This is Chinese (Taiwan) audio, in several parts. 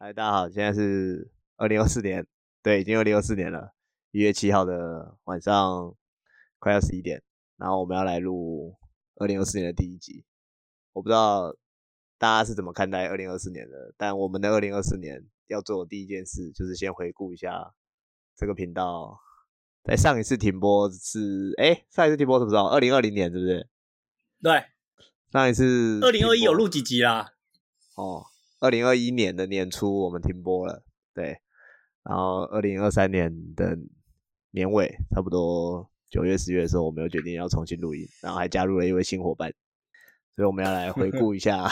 嗨，大家好，現在是二零二四年，對，已經二零二四年了，一月七號的晚上，快要十一點，然後我們要來錄二零二四年的第一集。我不知道大家是怎麼看待二零二四年的，但我們的二零二四年要做的第一件事，就是先回顧一下這個頻道。在上一次停播是，哎，上一次停播什麼時候？二零二零年，對不對？對。上一次二零二一有錄幾集啦？哦。二零二一年的年初，我們停播了，對。然後二零二三年的年尾，差不多九月、十月的時候，我們又決定要重新錄音，然後還加入了一位新夥伴。所以我們要來回顧一下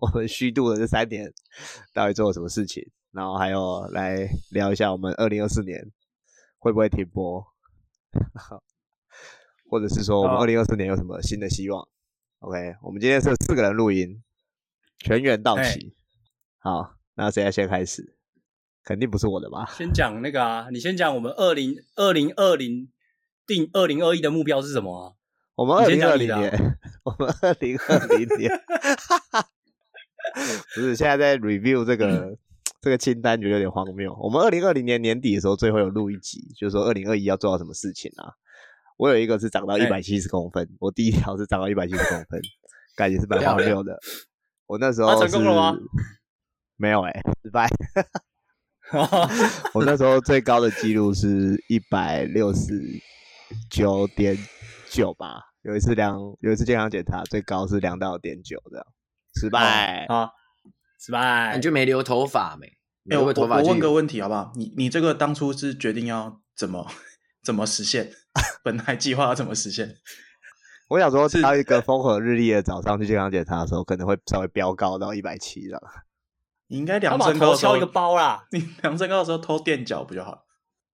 我們虛度的這三年，到底做了什麼事情。然後還有來聊一下我們二零二四年會不會停播，或者是說我們二零二四年有什麼新的希望？Oh.OK，我們今天是四個人錄音，全員到齊。Hey. 好，那誰要先開始？肯定不是我的吧？先講那個啊，你先講我們二零二零二零定二零二一的目標是什麼、啊？我們二零二零年，啊、 我們二零二零年， 不是現在在 review 這個 這個清單，覺得有點荒謬。我們二零二零年年底的時候，最後有錄一集，就是說二零二一要做到什麼事情啊？我有一個是長到一百七十公分、欸，我第一條是長到一百七十公分， 感覺是蠻荒謬的。我那時候成功了嗎？沒有哎、欸，失敗。 我那時候最高的記錄是一百六十九點九吧，有一次量，有一次健康檢查，最高是量到點九的，失敗啊，oh. Oh. 失敗。你就沒留頭髮沒？沒有留頭髮。我問個問題好不好？你你這個當初是決定要怎麼怎麼實現？ 本來計劃要怎麼實現？我想說，到一個風和日麗的早上去健康檢查的時候，可能會稍微飆高到一百七了。你應該量身高挑一個包啦！你量身高的時候偷墊腳不就好了？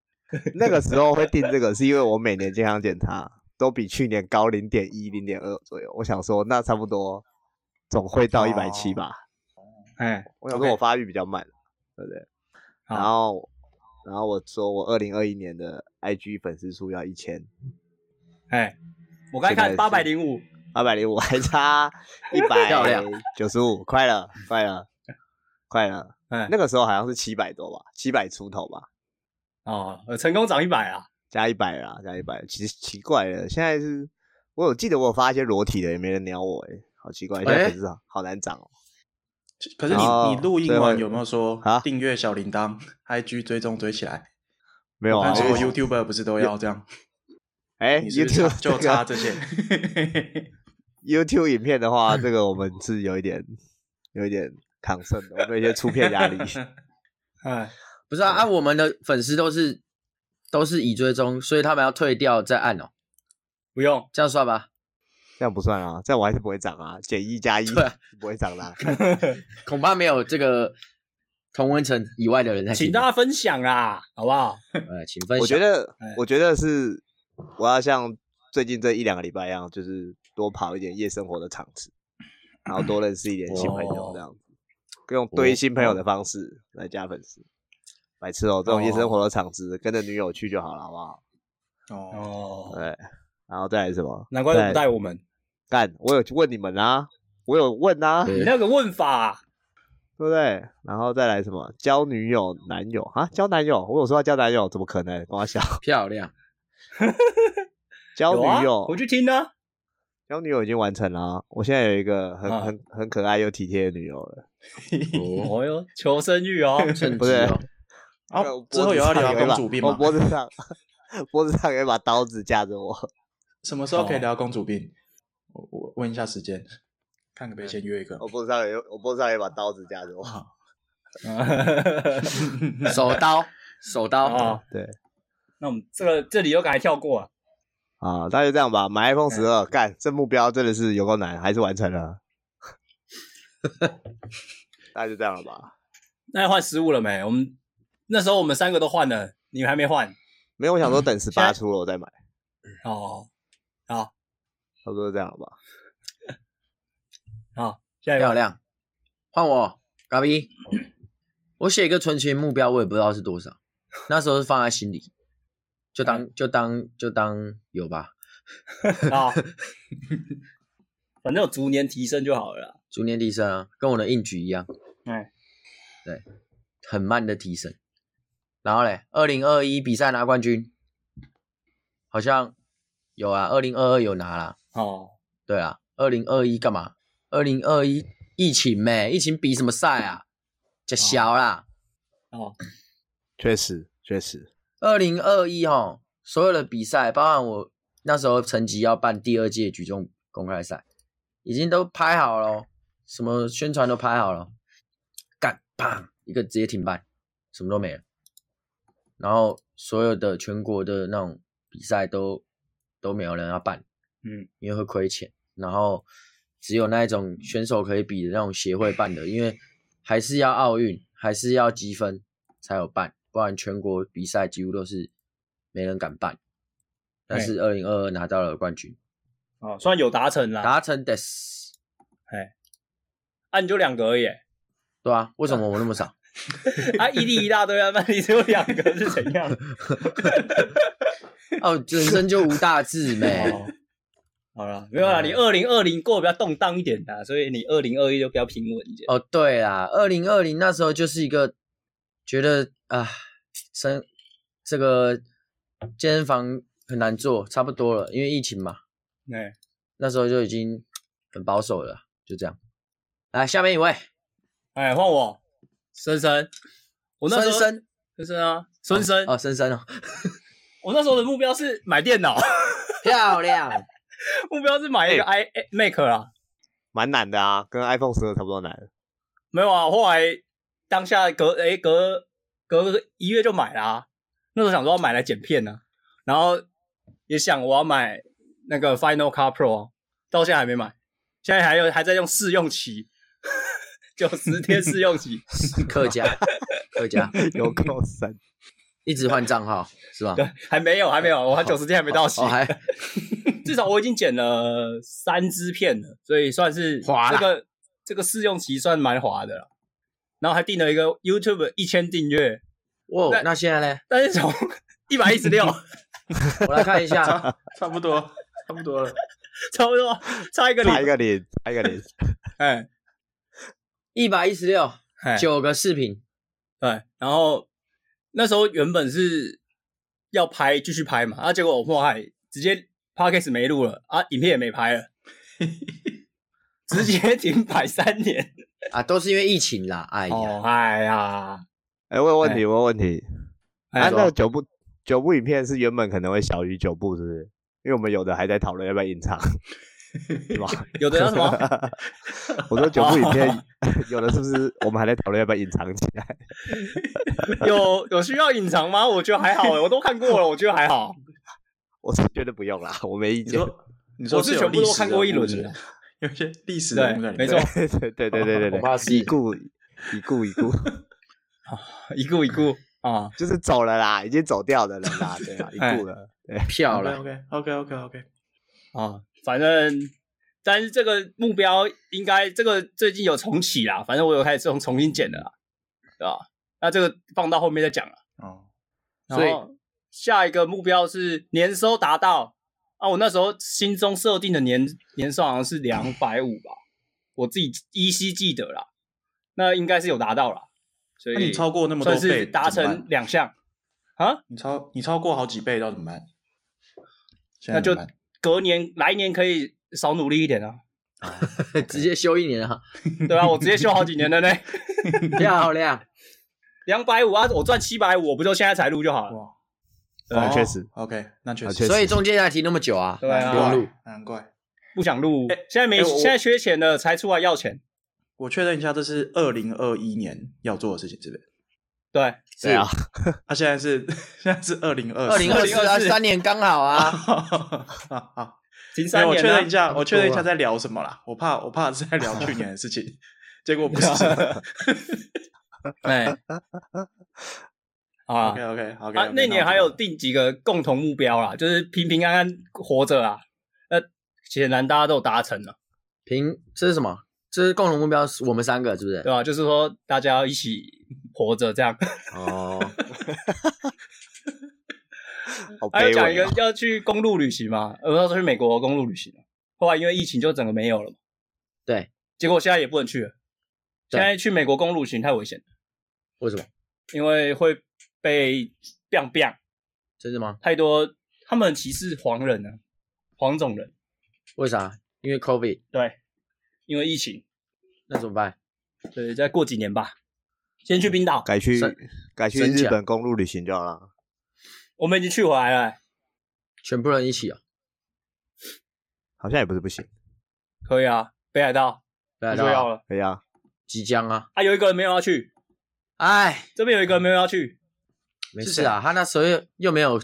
那個時候會定這個，是因為我每年健康檢查都比去年高零點一、零點二左右。我想說，那差不多總會到一百七吧？哎、哦，我想說我發育比較慢，哦、對不對？然後，然後我說我二零二一年的 IG 粉絲數要一千。哎，我剛才看八百零五，八百零五還差一百漂亮九十五， 快了，快了。快了，嗯，那個時候好像是七百多吧，七百出頭吧。哦，成功漲一百啊，加一百啊，加一百，其實奇怪了，現在是，我有記得我有發一些裸體的，也沒人鳥我、欸，哎，好奇怪。現在可是好、欸、好難漲哦、喔。可是你你錄音完有沒有說啊？訂閱小鈴鐺 ，IG 追蹤追起來，沒有啊？但是我 YouTuber 不是都要這樣？哎、欸欸、YouTube 就差這些。 YouTube 影片的話，這個我們是有一點， 有一點。唐的，我們有一些出片壓力。哎 嗯，不是啊，按、啊、我們的粉絲都是都是已追蹤，所以他們要退掉再按哦。不用這樣算吧？這樣不算啊，這樣我還是不會漲啊，減一加一、啊、 不會漲長的。 恐怕沒有這個同溫層以外的人在。請大家分享啊， 好不好？呃、嗯，請分享。我覺得，嗯、我覺得是我要像最近這一兩個禮拜一樣，就是多跑一點夜生活的場次， 然後多認識一點新朋友這樣子。哦哦用堆新朋友的方式來加粉絲，白痴哦！吃這種夜生活的場子，跟着女友去就好了，好不好？哦，對，然後再來什麼？難怪不帶我們幹！我有問你們啊，我有問啊，你那個問法、啊、對不對？然後再來什麼？交女友、男友啊？交男友？我有說要交男友，怎麼可能？我笑，漂亮，交 女友、啊，我去聽呢。交女友已經完成了，我現在有一個很、啊、很、很可愛又體貼的女友了。 哦喲，求生欲哦， 不是，啊、哦，哦，我之後也要聊公主病嗎？我脖子上，脖子上有一把刀子架着我。什麼時候可以聊公主病？我我問一下時間，看可不可以先約一個。我脖子上也，我脖子上也把刀子架着我。哈哈哈哈手刀， 手刀啊，哦，對。那我們這個這裡又該跳過？啊，那就這樣吧，買 iPhone 十二，欸，幹，這目標真的是有夠難，還是完成了？ 大概就這樣了吧。那換十五了沒？我們那時候我們三個都換了，你們還沒換？沒有，我想說等十八出了我再買。哦、嗯嗯，好，差不多這樣吧。好，下一個漂亮，換我。咖啡。我寫一個存錢目標，我也不知道是多少。那時候是放在心裡，就當就當就當，就當有吧。 好 反正有逐年提升就好了啦，逐年提升啊，跟我的硬舉一樣。哎、嗯，對，很慢的提升。然後咧，二零二一比賽拿冠軍，好像有啊。二零二二有拿啦。哦，對啊，二零二一幹嘛？二零二一疫情咩？疫情比什麼賽啊？取消啦。哦，確實確實。二零二一吼，所有的比賽，包含我那時候成績要辦第二屆舉重公開賽。已經都拍好了，什麼宣傳都拍好了，干棒一個直接停辦，什麼都沒了。然後所有的全國的那種比賽都都沒有人要辦，嗯，因為會虧錢。然後只有那一種選手可以比的那種協會辦的，因為還是要奧運，還是要積分才有辦，不然全國比賽幾乎都是沒人敢辦。但是二零二二拿到了冠軍。哦，算有達成了，達成的，哎，啊，你就兩格而已、欸。對啊，為什麼我那麼少？ 啊，一地一大堆啊，那你只有兩個是怎樣？哦，人生就無大志唄。 好了，沒有啦， 你二零二零過得比較動盪一點的，所以你二零二一就比較平穩一點。哦，對啦，二零二零那時候就是一個覺得啊，生這個健身房很難做，差不多了，因為疫情嘛。哎、欸，那時候就已經很保守了，就這樣。來，下面一位，哎、欸，換我，森森。我那時候森森、啊，啊，森森啊，森森啊、喔。我那時候的目標是買電腦，漂亮， 目標是買一個 iMac 啊，蠻、欸欸、難的啊，跟 iPhone 十二差不多難。沒有啊，後來當下隔哎、欸、隔隔一月就買啦、啊。那時候想說要買來剪片呢、啊，然後也想我要買。那個 Final Cut Pro 到現在還沒買，現在還有還在用試用期，九 十天試用期， 是客家客家有夠三， 一直換賬號是吧？對，還沒有，還沒有，哦、我還九十天還沒到期，哦哦哦、還 至少我已經剪了三支片了，所以算是、那個、這個這個試用期算蠻劃的了。然後還訂了一個 YouTube 一千訂閱，哇，那現在呢？但是從一百一十六，我來看一下，差不多。 差不多了，差不多，差不多，差不多，差一個零，差一個零，差 一、哎哎、個零。哎，一百一十六，九個視頻。對，然後那時候原本是要拍，繼續拍嘛，啊，結果我迫害，直接 Podcast 沒錄了，啊，影片也沒拍了， 直接停擺三年。嗯、 啊，都是因為疫情啦，哎呀，哦、哎呀，哎，我有問題，我有問題。哎，啊、那個、九部九部影片是原本可能會小於九部，是不是？因為我們有的還在討論要不要隱藏，是吧 有的要什麼？ 我說九部影片，有的是不是我們還在討論要不要隱藏起來？ 有有需要隱藏嗎？我覺得還好，我都看過了，我覺得還好。 我是覺得不用啦，我沒意見。你說，你說是我是全部都看過一輪了，有些歷史的對，對，對，沒錯， 對對對對對，恐 怕已故已故已故，已故已故啊、 嗯，就是走了啦，已經走掉的人啦， 對啊，已故了。哎票、欸、了，OK OK OK OK OK，啊、哦，反正，但是這個目標應該這個最近有重啟啦，反正我有開始重重新減了啦，對吧？那這個放到後面再講了，哦，所以、哦、下一個目標是年收達到啊，我那時候心中設定的年年收好像是兩百五吧， 我自己依稀記得啦，那應該是有達到了，所以、啊、你超過那麼多倍，算是達成兩項，啊？你超你超過好幾倍，要怎麼辦？那就隔年來年可以少努力一點啊， okay、直接休一年 啊，對吧？我直接休好幾年的呢， 漂亮，兩百五啊，我賺七百五，我不就現在才錄就好了？哇，確、嗯哦、實，OK，那確實，所以中間還停那麼久啊，對啊不用錄，難怪不想錄、欸，現在沒、欸，現在缺錢了才出來要錢。我確認一下，這是二零二一年要做的事情是不是，這邊對，是啊，他、 啊、現在是現在是二零二二零二四啊， 三年剛好啊，哈、 啊，好、啊，停、啊啊、三年、欸，我確認一下，我確認一下在聊什麼啦，我怕我怕是在聊去年的事情， 結果不是，哈哈哈，OK OK OK，好、okay, 啊，那年還有定幾個共同目標啦，就是平平安安，安活着啊，那、呃、顯然大家都有達成了，平這是什麼？就是共同目標，是我們三個是不是？對吧、啊？就是說，大家要一起活着這樣、oh.。哦。 還有講一個要去公路旅行嘛？呃，那時候去美國公路旅行後來，因為疫情就整個沒有了。對。結果現在也不能去了。了現在去美國公路旅行太危險了。為什麼？因為會被 biang bang。真的嗎？太多他們歧視黃人呢、啊，黃種人。為啥？因為 COVID。對。因為疫情，那怎麼辦？對，再過幾年吧。先去冰島，改去改去日本公路旅行就好了。我們已經去回來了、欸，全部人一起啊？好像也不是不行，可以啊。北海道，北海道、啊、要了，可以啊，即將啊。還、啊、有一個人沒有要去，哎，這邊有一個人沒有要去，沒事啊。他那時候又又沒有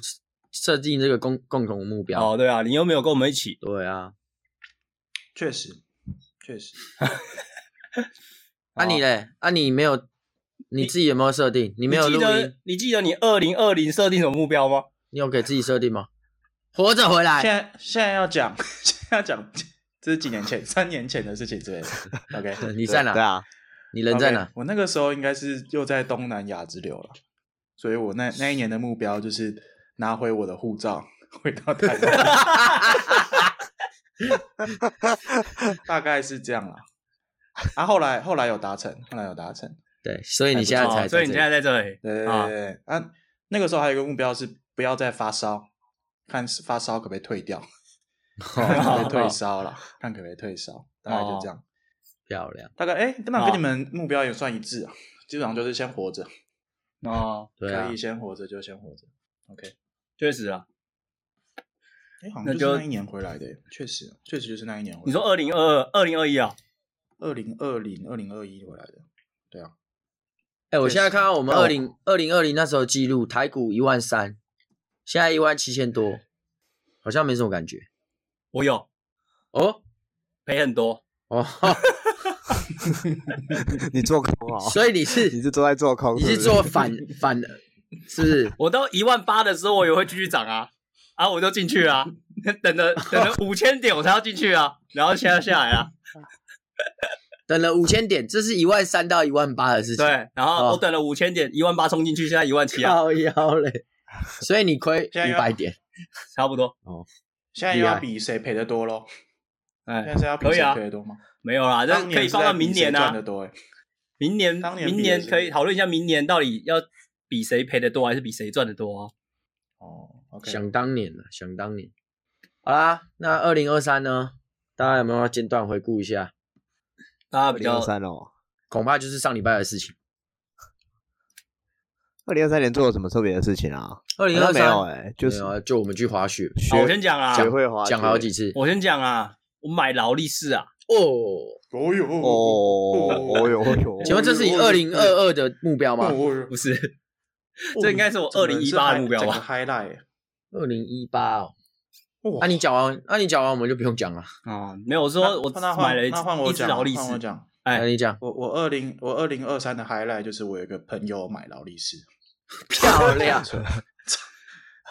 設定這個共共同的目標哦，對啊，你又沒有跟我們一起，對啊，確實。確實， 啊你嘞？啊你沒有？你自己有沒有設定？你你沒有錄音？你記得你二零二零設定什麼目標嗎？你有給自己設定嗎？活着回來。現在現在要講，現在要講這是幾年前、 三年前的事情之類的，okay, 你在哪？對，對啊，你人在哪？Okay, 我那個時候應該是又在東南亞之流了，所以我那那一年的目標就是拿回我的護照，回到台灣。 哈哈哈，大概是這樣啦。啊後，後來後來有達成，後來有達成。對，所以你現在才在、哦，所以你現在在這裡。對對對、對、哦、啊，那個時候還有一個目標是不要再發燒，看發燒可不可以退掉，看可不可以退燒了，看可不可以退燒、哦，大概就這樣。漂亮。大概哎、欸，根本跟你們目標也算一致啊？哦、基本上就是先活着。哦、嗯啊，可以先活着就先活着。OK，確實啊。哎、欸，好像就是那、那個、就是那一年回來的，確實，確實就是那一年。你說二零二二、二零二一啊？二零二零、二零二一回來的，對啊。哎、欸，我現在看到我們二零二零二零那時候記錄台股一萬三，現在一萬七千多，好像沒什麼感覺。我有哦，賠、喔、很多哦。多喔、 你做空哦。 所以你是你是都在做空？你是做反反的？是不是？我到一萬八的時候，我也會繼續漲啊。啊！我就進去了啊，等了等了五千點我才要進去啊， 然後現在下來啊，等了五千點，這是一萬三到一萬八的事情。對，然後我、oh. 哦、等了五千點，一萬八衝進去，現在一萬七啊，好要嘞！所以你虧一百點，差不多哦。現在要比誰賠的多咯？哦、現在要比誰賠得多嗎？哎啊、沒有、啊、啦，這是可以放到明年啊。當年賺得多欸、明年明年可以討論一下明年到底要比誰賠的多，還是比誰賺的多哦？哦。Okay. 想當年了，想當年。好啦，那二零二三呢？大家有沒有要簡短回顧一下？二零二三哦，恐怕就是上禮拜的事情。二零二三年做了什麼特別的事情啊？二零二三年沒有哎、欸，就是、啊、就我們去滑雪。我先講啊，學會滑雪，講、啊、好幾次。我先講啊，我買勞力士啊。哦，哦喲，哦，哦喲喲。請問這是你二零二二的目標嗎？哦哦呦哦呦不是、哦，這，是哦哦 這應該是我二零一八的目標吧？哦。二零一八哦，那、啊、你講完、啊，那、啊、你講完、啊、我們就不用講了。啊、嗯，沒有，我說我換他換買了一隻勞力士，換我講。哎，你講。我我二 20, 零我二零二三的 highlight 就是我有一個朋友買勞力士， 漂亮 超，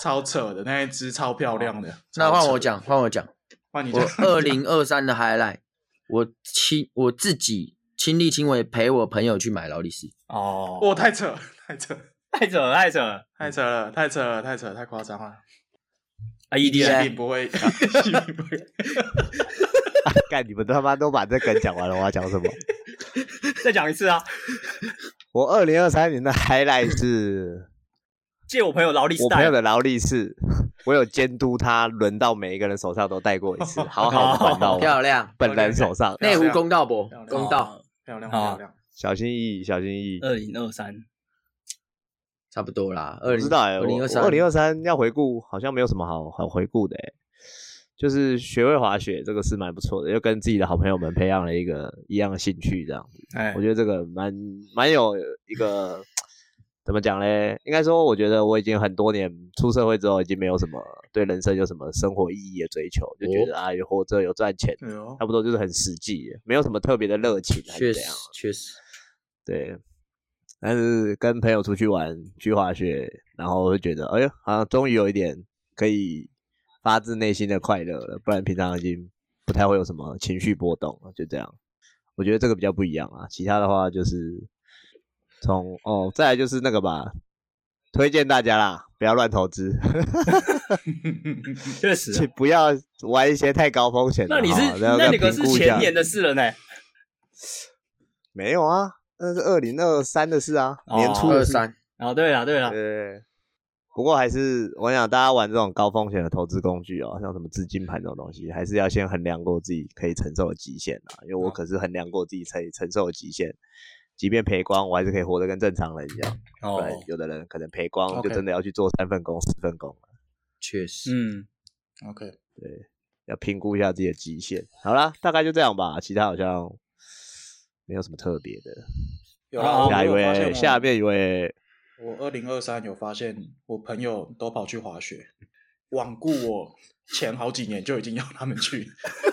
超扯的那一隻超漂亮的。 的那換我講，換我講。換你。我二零二三的 highlight， 我親我自己親力親為陪我朋友去買勞力士。哦，我、哦、太扯太扯了太扯了太扯太扯太扯太扯太誇張了。太啊，EDC 不會，幹、 啊 啊、你們他媽都把這梗講完了，我要講什麼？ 再講一次啊！我二零二三年的 highlight 是借我朋友勞力士，我朋友的勞力士，我有監督他，輪到每一個人手上都戴過一次， 好好好，好，好，好漂亮本人手上，內湖公道不？公道漂亮漂亮，小心翼翼小心翼翼，二零二三。差不多啦，2023。2023要回顧，好像沒有什麼好好回顧的。欸，就是學會滑雪這個是蠻不錯的，又跟自己的好朋友們培養了一個 一樣的興趣這樣子。哎、我覺得這個蠻蠻有一個怎麼講嘞？應該說，我覺得我已經很多年出社會之後，已經沒有什麼對人生有什麼生活意義的追求，就覺得啊，哦、有活着，有賺錢、嗯哦，差不多就是很實際，沒有什麼特別的熱情，這樣確實，確實對。但是跟朋友出去玩，去滑雪，然後我就覺得，哎呀，好像終於有一點可以發自內心的快樂了。不然平常已經不太會有什麼情緒波動了。就這樣，我覺得這個比較不一樣啊。其他的話就是從哦，再來就是那個吧，推薦大家啦，不要亂投資。確實，請不要玩一些太高風險的。那你是，哦、你那，那你可是前年的事了呢。沒有啊。那是二零二三的事啊，Oh，年初的事。二三。哦，oh, 對了，對了，對。不過還是我想，大家玩這種高風險的投資工具哦，像什麼資金盤這種東西，還是要先衡量過自己可以承受的極限啊。因為我可是衡量過自己可以承受的極限，oh. 即便賠光，我還是可以活得跟正常人一樣。Oh. 對，有的人可能賠光，就真的要去做三份工、四份工了。Okay. 確實。嗯。OK。對，要評估一下自己的極限。好啦，大概就這樣吧。其他好像。沒有什麼特別的。有啊，下哦、我有發現。下面一位，我二零二三有發現，我朋友都跑去滑雪，罔顧我前好幾年就已經邀他們去。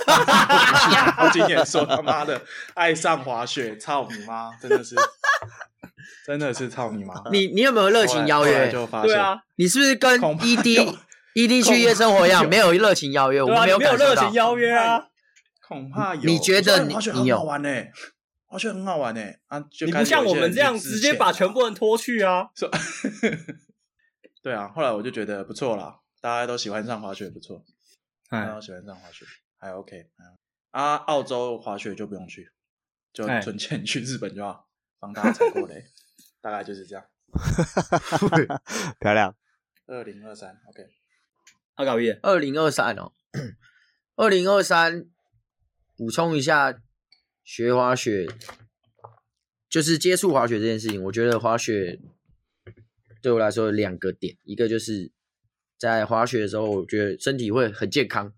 我 今 年說他媽的愛上滑雪，操你媽！真的是，真的是操你媽、媽！你你有沒有熱情邀約？對啊，你是不是跟 ED ED 去夜生活一樣？有沒有熱情邀約？啊啊，我沒有感覺到熱情邀約啊。恐怕有。你覺得你、欸、你有？滑雪很好玩呢、欸，啊就看！你不像我們這樣直接把全部人拖去啊？是， 對啊。後來我就覺得不錯了，大家都喜歡上滑雪，不錯，大家都喜歡上滑雪，還 OK、嗯。啊，澳洲滑雪就不用去，就存錢去日本就好，幫大家踩過雷，大概就是這樣。 漂亮，二零二三，OK。好搞爺，二零二三哦，二零二三，補 充一下。學滑雪就是接觸滑雪這件事情，我覺得滑雪對我來說有兩個點，一個就是在滑雪的時候，我覺得身體會很健康，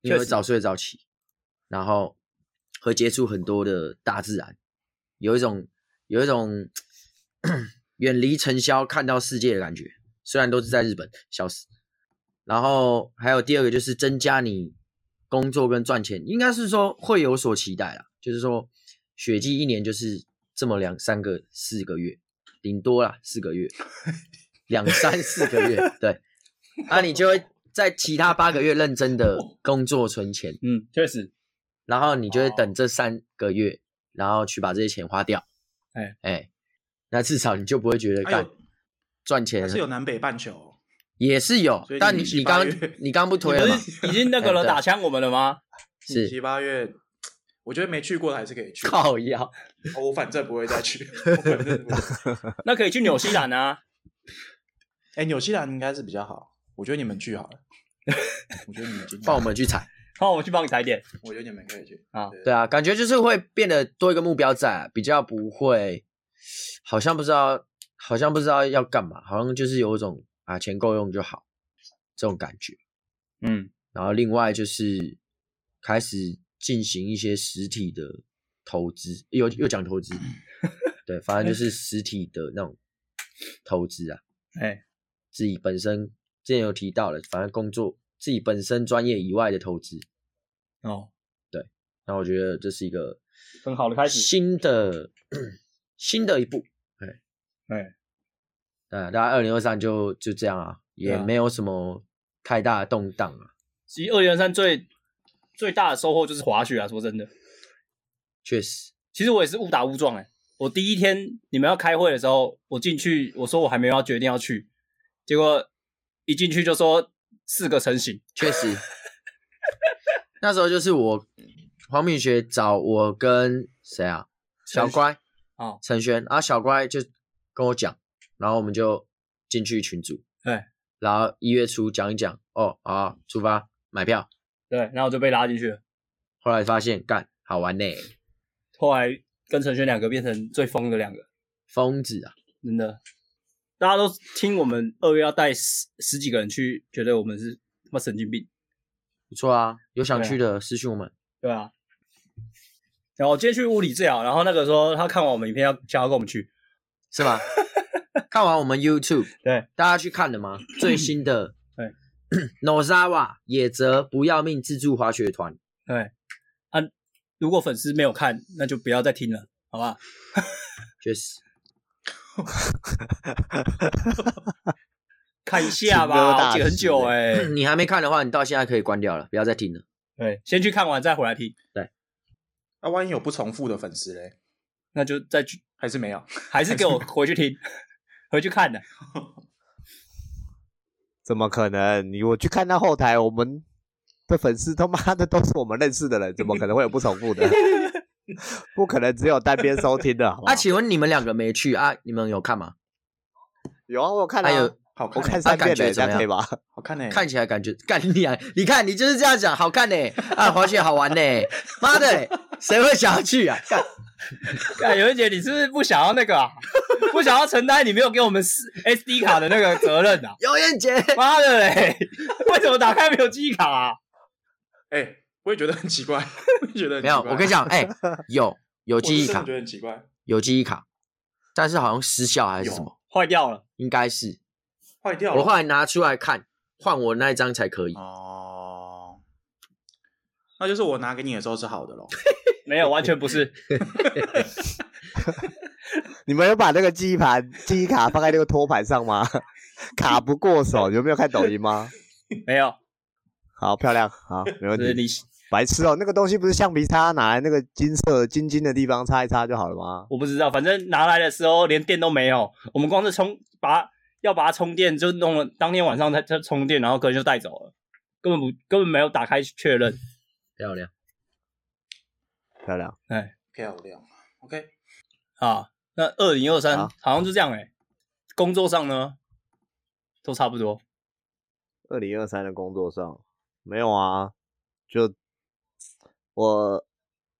因為早睡早起，然後會接觸很多的大自然，有一種有一種遠離塵囂、 成宵看到世界的感覺。雖然都是在日本，小時。然後還有第二個就是增加你工作跟賺錢，應該是說會有所期待啊就是說，雪季一年就是這麼兩三個四個月，頂多啦四個月，兩三四個月，對、啊。那你就會在其他八個月認真的工作存錢，嗯，確實。然後你就會等這三個月，然後去把這些錢花掉。哎哎，那至少你就不會覺得乾賺錢。是有南北半球，也是有。但你剛剛你剛不推了嗎？已經那個了，打槍我們了嗎？是七八月。我覺得沒去過的還是可以去。靠腰、哦，我反， 我反正不會再去。那可以去紐西蘭啊！哎、 欸，紐西蘭應該是比較好。我覺得你們去好了。 我覺得你幫我們去踩，幫、哦、我們去幫你踩點。我覺得你們可以去 啊。對啊，感覺就是會變得多一個目標在、啊，比較不會，好像不知道，好像不知道要幹嘛，好像就是有一種啊錢夠用就好這種感覺。嗯，然後另外就是開始。進行一些實體的投資，又又講投資， 對，反正就是實體的那種投資啊。哎、欸，自己本身之前有提到了，反正工作自己本身專業以外的投資。哦，對，那我覺得這是一個很好的開始，新的新的一步。哎、欸、哎，欸、大家二零二三就就這樣啊，也沒有什麼太大的動盪啊。其實二零二三最。最大的收穫就是滑雪啊！說真的，確實。其實我也是誤打誤撞，哎、欸。我第一天你們要開會的時候，我進去，我說我還沒有決定要去，結果一進去就說四個成型，確實。 那時候就是我黃敏學找我跟誰啊？小乖啊，陳軒、哦、啊，小乖就跟我講，然後我們就進去群組，對，然後一月初講一講哦，好，好，出發買票。對，然後就被拉進去了。後來發現幹，好玩呢。後來跟陳軒兩個變成最瘋的兩個。瘋子啊，真的。大家都聽我們二月要帶十十幾個人去，覺得我們是他媽神經病。不錯啊，有想去的私訊我們。對啊。然後我今天去物理治療，然後那個說他看完我們影片要想要跟我們去，是嗎？ 看完我們 YouTube。對。大家去看了嗎？最新的。 Nozawa 野澤不要命自助滑雪團，對、啊，如果粉絲沒有看，那就不要再聽了，好吧？確、就、實、是， 看一下吧，了解很久哎，你還沒看的話，你到現在可以關掉了，不要再聽了。對，先去看完再回來聽。對，那、啊、萬一有不重複的粉絲嘞？那就再去，還是沒有，還是給我 回去聽，回去看的。 怎麼可能？你如果去看他後台，我們的粉絲他媽的都是我們認識的人，怎麼可能會有不重復的？ 不可能只有單邊收聽的。那、啊、請問你們兩個沒去啊？你們有看嗎？有啊，我有看啊。哎、我看他、欸啊、感覺怎麼樣？樣好看呢、欸，看起來感覺幹練、啊。你看你就是這樣講，好看呢、欸， 啊，滑雪好玩呢、欸，媽 的，誰會想要去啊？有 人姐，你是不是不想要那個、啊？不想要承擔你沒有給我們 SD 卡的那個責任啊？有人姐，媽的，為什麼打開沒有記憶卡啊？哎、 欸，我也覺得很奇怪，我覺得沒有。我跟你講，哎、欸，有有記憶卡，我覺得很奇怪，有記憶卡，但是好像失效還是什麼？壞掉了，應該是。壞掉了。我後來拿出來看，換我那一張才可以。哦、oh.，那就是我拿給你的時候是好的嘍。 沒有，完全不是。 你們有把那個記憶盤、記憶卡放在那個托盤上嗎？卡不過手？有沒有看抖音嗎？ 沒有。好漂亮，好，沒問題。白痴哦、喔，那個東西不是橡皮擦、啊，拿來那個金色、金金的地方擦一擦就好了嗎？我不知道，反正拿來的時候連電都沒有。我們光是充把。要把它充電，就弄了。當天晚上他它充電，然後客人就帶走了，根本不根本沒有打開確認。漂亮，漂亮，哎，漂亮，OK。啊，那二零二三好像就這樣哎、欸。工作上呢，都差不多。二零二三的工作上沒有啊，就我。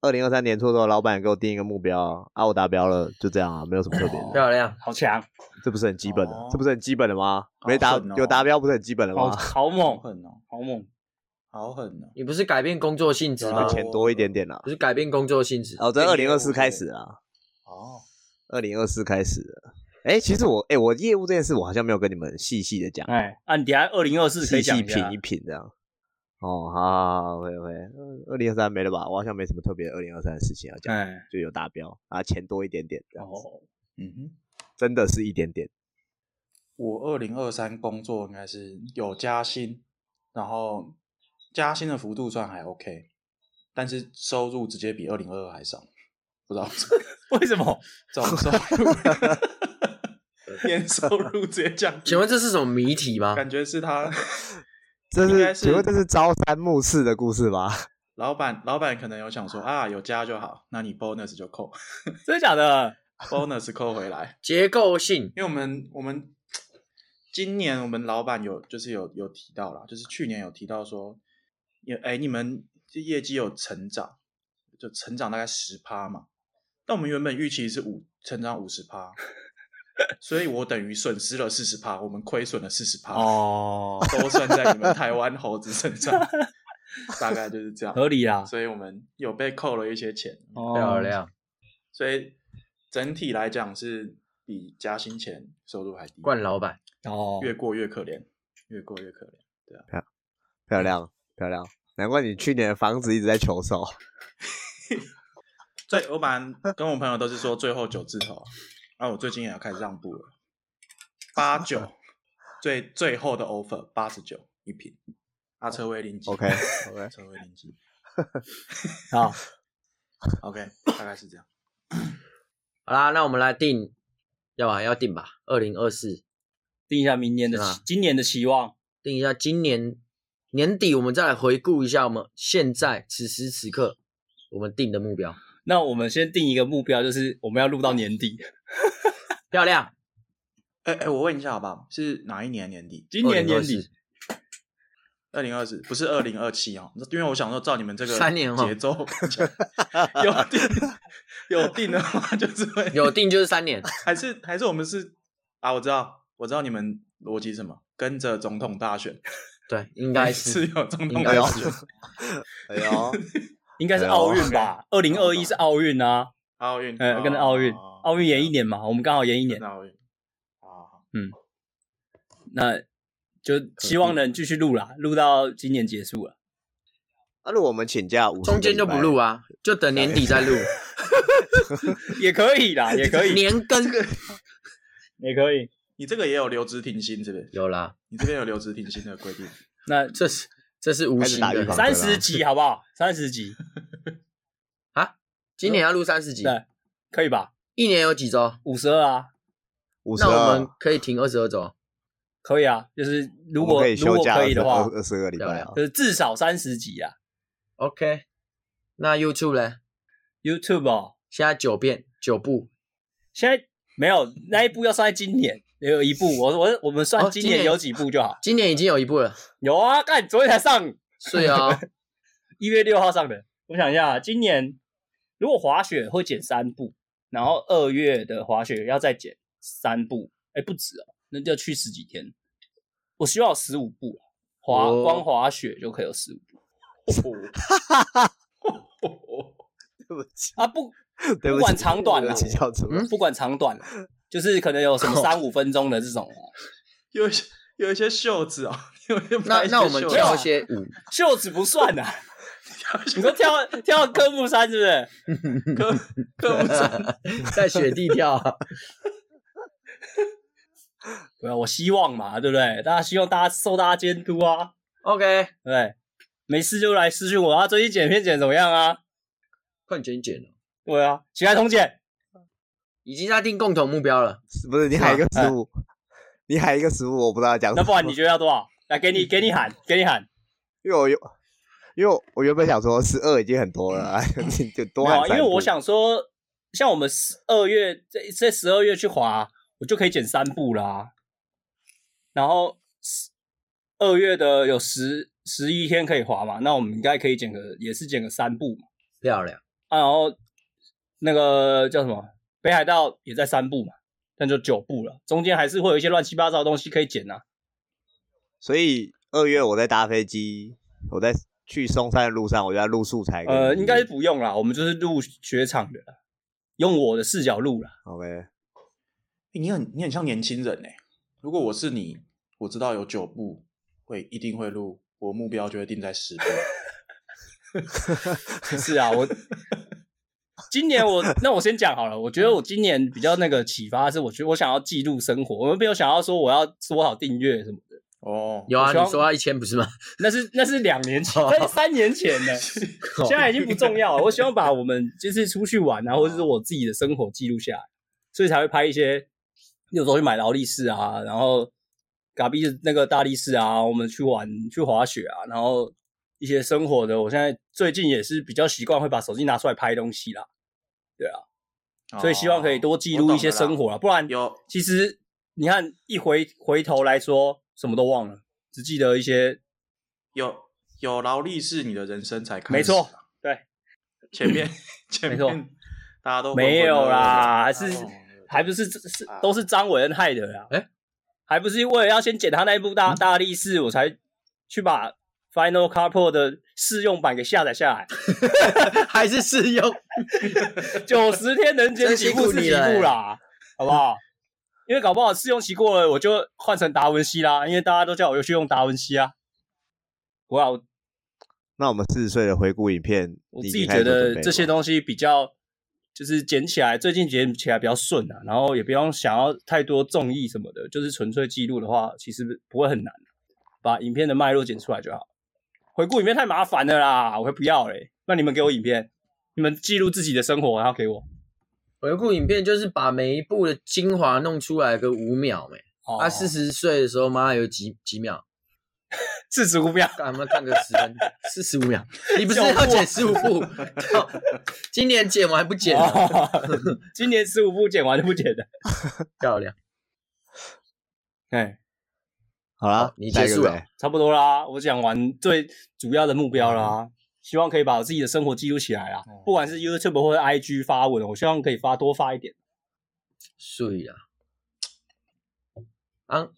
二零二三年初的時候，老闆給我定一個目標啊，啊，我達標了，就這樣啊，沒有什麼特別的。漂亮，好強，這不是很基本的，這不是很基本的嗎？沒達標，有達標不是很基本的嗎，好、哦達達本的嗎好？好猛，好猛，好狠，你不是改變工作性質嗎、啊？錢多一點點啦、啊，不是改變工作性質？哦，在二零二四開始了啊。哦，二零二四開始，了、欸。哎，其實我哎、欸，我業務這件事，我好像沒有跟你們細細的講。哎，按底下二零二四可以細細品一品，這樣。哦，好，喂喂，二零二三沒了吧？我好像沒什麼特別二零二三的事情要講，欸，就有達標啊，錢多一點點哦，嗯，真的是一點點。我二零二三工作應該是有加薪，然後加薪的幅度算還 OK，但是收入直接比二零二二還少，不知道為什麼 總收入年 收入直接降， 請問這是什麼謎題嗎？感覺是他。這是，是請問這是朝三暮四的故事吧？老闆，老闆可能有想說啊，有加就好，那你 bonus 就扣， 真的假的 ？bonus 扣回來，結構性，因為我們我們今年我們老闆有就是有有提到啦，就是去年有提到說，也哎、欸、你們業績有成長，就成長大概十趴嘛，但我們原本預期是五，成長五十趴。 所以我等於損失了四十趴，我們虧損了四十趴，哦、oh.，都算在你們台灣猴子身上， 大概就是這樣，合理啊。所以我們有被扣了一些錢，漂、oh. 亮、嗯，所以整體來講是比加薪錢收入還低。冠老闆哦、oh.，越過越可憐，越過越可憐，對啊，漂亮漂亮漂亮，難怪你去年的房子一直在求售 所以我本來跟我朋友都是說最後九字頭。啊，我最近也要開始讓步了，八九，最最後的 offer，八十九一瓶，阿、啊、車威林基，OK OK，阿車威林基，好，OK， 大概是這樣。好啦，那我們來定，要吧，要定吧，二零二四，定一下明年的今年的期望，定一下今年年底，我們再來回顧一下我們現在此時此刻我們定的目標。那我們先定一個目標，就是我們要錄到年底，漂亮。哎、欸、哎、欸，我問一下好不好？是哪一年年底？今年年底，二零二四不是二零二七啊？ 因為我想說，照你們這個節奏，三年哦、 有定， 有定有定的話就是會，有定就是三年， 還是還是我們是啊？我知道，我知道你們邏輯什麼，跟着總統大選，對，應該是、是有總統大選， 哎呦。 應該是奧運吧，二零二一是奧運啊，奧運，哎、呃，跟着奧運，奧運延一年嘛、啊，我們剛好延一年。奧運，啊，嗯，那就希望能繼續錄啦。錄到今年結束了。那、啊、我們請假五十，中間就不錄啊，就等年底再錄， 也可以啦，也可以年更， 也可以，你這個也有留職停薪是不是？有啦。你這邊有留職停薪的規定？ 那這是。這是無錫的三十集，好不好？三十集啊！今年要錄三十集，對，可以吧？一年有幾週？五十二啊，五十二。那我們可以停二十二週，52... 可以啊。就是如果如果可以的話，二十二禮拜啊。就是至少三十集啊。OK，那 YouTube 咧？YouTube 哦，現在九遍九部。現在沒有那一部要算在今年。也有一步，我我我們算今年有幾步就好、哦，今。今年已經有一步了。有啊，幹昨天才上。是啊，一 月六號上的。我想一下，今年如果滑雪會減三步，然後二月的滑雪要再減三步，哎，不止哦，那就要去十幾天。我希望有十五步，滑光滑雪就可以有十五步。哈哈哈，對不起啊，不，對不起，不管長短了，對不，嗯、不管長短了。就是可能有什麼三五分鐘的這種哦、啊，oh. 有一些有一些袖子哦，子那那我們跳一些、啊、嗯，袖子不算的、啊， 你都跳你說跳， 跳科目三是不是？ 科科目三 在雪地跳、啊，不 要、啊。我希望嘛，對不對？大家希望大家受大家監督啊。OK，對，對，沒事就來私訊我啊。最近剪片剪怎麼樣啊？快剪剪了，對啊，起來通剪。已經在定共同目標了，不是？你喊一個十五，你喊一個十五、欸，15, 我不知道要講什麼。那不然你覺得要多少？來，給你，給你喊， 給你喊。因為我有，因為我原本想說十二已經很多了、啊，就多喊。啊，因為我想說，像我們十二月這這十二月去滑，我就可以減三步啦、啊。然後十二月的有十十一天可以滑嘛？那我們應該可以減個，也是減個三步。漂亮。啊，然後那個叫什麼？北海道也在三步嘛，但就九步了，中間還是會有一些亂七八糟的東西可以剪啊。所以二月我在搭飛機，我在去松山的路上，我就要錄素材。呃，應該是不用啦，我們就是錄雪場的，用我的視角錄了。OK，、欸、你很你很像年輕人呢、欸。如果我是你，我知道有九步會一定會錄，我目標就會定在十步。 是啊，我。 今年我那我先講好了，我覺得我今年比較那個啟發是，我覺得我想要記錄生活，我沒有想要說我要說好訂閱什麼的。哦、oh,，有啊，希望你說到一千不是嗎？那是那是兩年前，oh, 那是三年前的、oh. 現在已經不重要了。我希望把我們就是出去玩啊，或者是我自己的生活記錄下來，所以才會拍一些，有時候去買勞力士啊，然後嘎比那個大力士啊，我們去玩去滑雪啊，然後一些生活的，我現在。最近也是比較習慣會把手機拿出來拍東西啦，對啊，哦、所以希望可以多記錄一些生活啊，不然有其實你看一回回頭來說什麼都忘了，只記得一些有有勞力士，你的人生才開始沒錯，對，前面 前面大家都聞聞 沒有啦，還是還不是，啊、是都是張偉恩害的呀，哎、欸，還不是為了要先撿他那一部大大力士，嗯，我才去把。Final Cut Pro 的試用版給下載下來， 還是試試用九 十 天能剪幾部是幾部啦，好不好？因為搞不好試用期過了，我就換成達文西啦。因為大家都叫我又去用達文西啊。哇哦，那我們四十歲的回顧影片，我自己覺得這些東西比較就是剪起來，最近剪起來比較順啊。然後也不用想要太多創意什麼的，就是純粹記錄的話，其實不會很難，把影片的脈絡剪出來就好。回顧影片太麻煩了啦，我不要嘞。那你們給我影片，你們記錄自己的生活，然後給我回顧影片，就是把每一部的精華弄出來個五秒嘛、欸。他四十歲的時候，媽有幾幾秒？四十五秒，幹嘛看個時間？四十五秒，你不是要剪十五部？ 今年剪完不剪的，哦、 今年十五部剪完就不剪的， 漂亮。好啦，你結束了，差不多啦。我講完最主要的目標啦、嗯，希望可以把我自己的生活記錄起來啦、嗯。不管是 YouTube 或者 IG 發文，我希望可以發多發一點。所以啊，啊、嗯，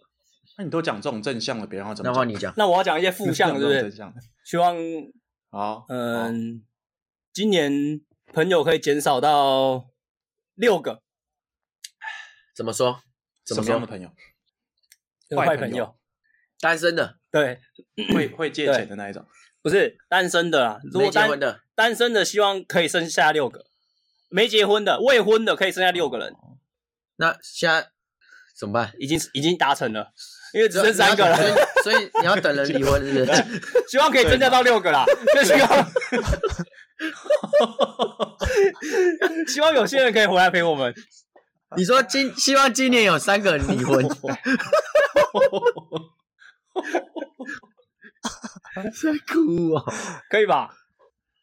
那你都講這種正向的，別人要怎麼樣？那,那我要講一些負向，對不對？希望好，嗯、呃，今年朋友可以減少到六個。怎麼說？怎麼說？什麼樣的朋友？壞朋友。單身的，對，會會借錢的那一種，不是單身的啊。如果單身的，單身的希望可以剩下六個，沒結婚的，未婚的可以剩下六個人。那現在怎麼辦？已經已經達成了，因為只剩三個人， 所以你要等人離婚是不是。 希望可以增加到六個啦，就希望， 希望有些人可以回來陪我們。你說今希望今年有三個人離婚。 哈哈，還在哭哦，可以吧？